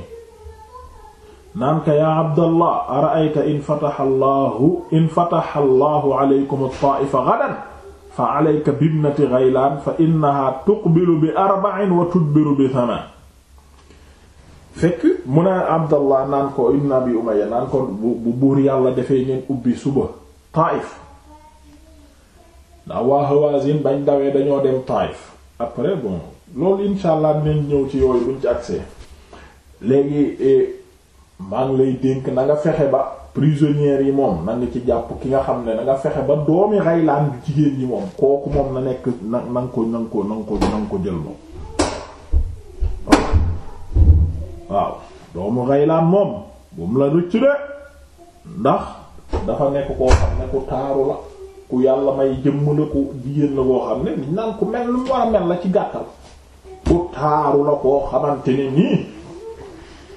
naan ka abdallah ara'ayta in fataha allahu in fataha allahu alaykum at-ta'ifa ghadan fa alayka bibnati fa innaha tuqbilu bi arba'in wa tudbiru bi thaman fekk mu ne abdallah naan ko ibn abi umayya naan ko bu buur yàlla defee ngeen ubbi suba taif ndax waa hawazin bañ dawee dañoo dem taif après bon loolu insha allah dinañ ñëw ci yooyu buñ ci accès léegi eh, maa ngi lay dénk na fexe ba prisonnières yi moom na nga ci jàpp ki nga xam ne na nga fexe ba doomi Ghaylaan bu jigéen ñi moom kooku moom na nekk na na nga ko na nga ko na nga ko na jël moom waaw doomu Ghaylaan moom bu mu la rëcc de ndax dafa nekk koo xam ne ku taaru la ku yàlla may jëmm la ku jigéen la koo xam ne naan ku mel lu ci gàttal ku koo xamante ni nii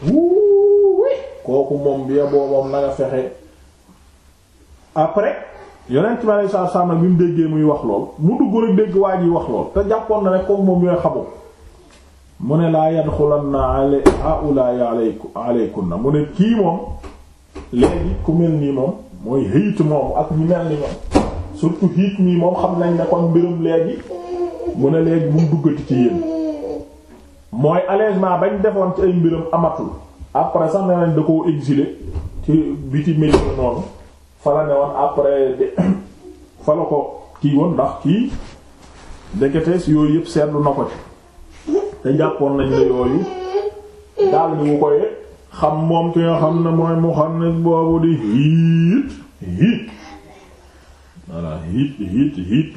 wuuwi kooku moom bi yeboo moom na bi muy wax lool mu dugg rek dégg wax lool jàppoon na ne xamu ne laa yadxulanna ala haula'i aleyku mooy hëyit moom ak ñu mel ni moom surtout hiit mi moom xam nañ ne kon mbirum léegi mu ne léegi bu mu duggati ci yéen mooy allègement bañ defoon ci ay mbirum amatul après sax ne nañ da koo exilé ci biti Médina noonu fa la ne woon après de fa la ko kii woon ndax kii deketees yooyu yëpp seetlu na ko ci te jàppoon nañ la yooyu daal di mu koy xam moom ki nga xam ne mooy Muxannas boobu di hiit hiit voilà hit hit hit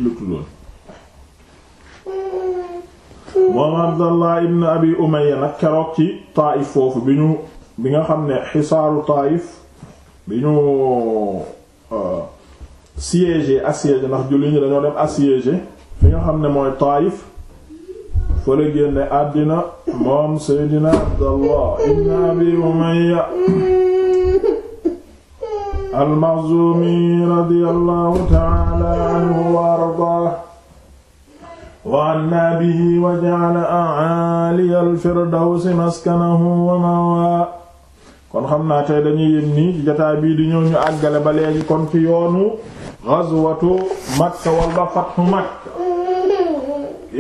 Abdallah ibn Abi Umayya nag keroog ci Taayif foofu bi ñu nga xam ne xisaaru Taayif bi ñu euh, siégé assiégé ndax julli ñi dañoo dem assiégé fi nga xam ne mooy Taayif fa la génne àddina moom Seydina Abdallah ibn Abi Umayya al-Maxzuumi radiyallahu ta'ala anhu wa ardaahu wa annaa bihi wa ja'ala a'aaliya al-firdawsi maskanahu wa ma'waahu kon xam naa tey dañuy yem nii ci jotaay bii di ñëw ñu àggale ba léegi kon ci yoonu gazwatu Makka walla fathu Makka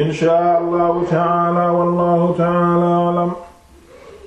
inshaa Allahu ta'ala wallahu ta'ala alam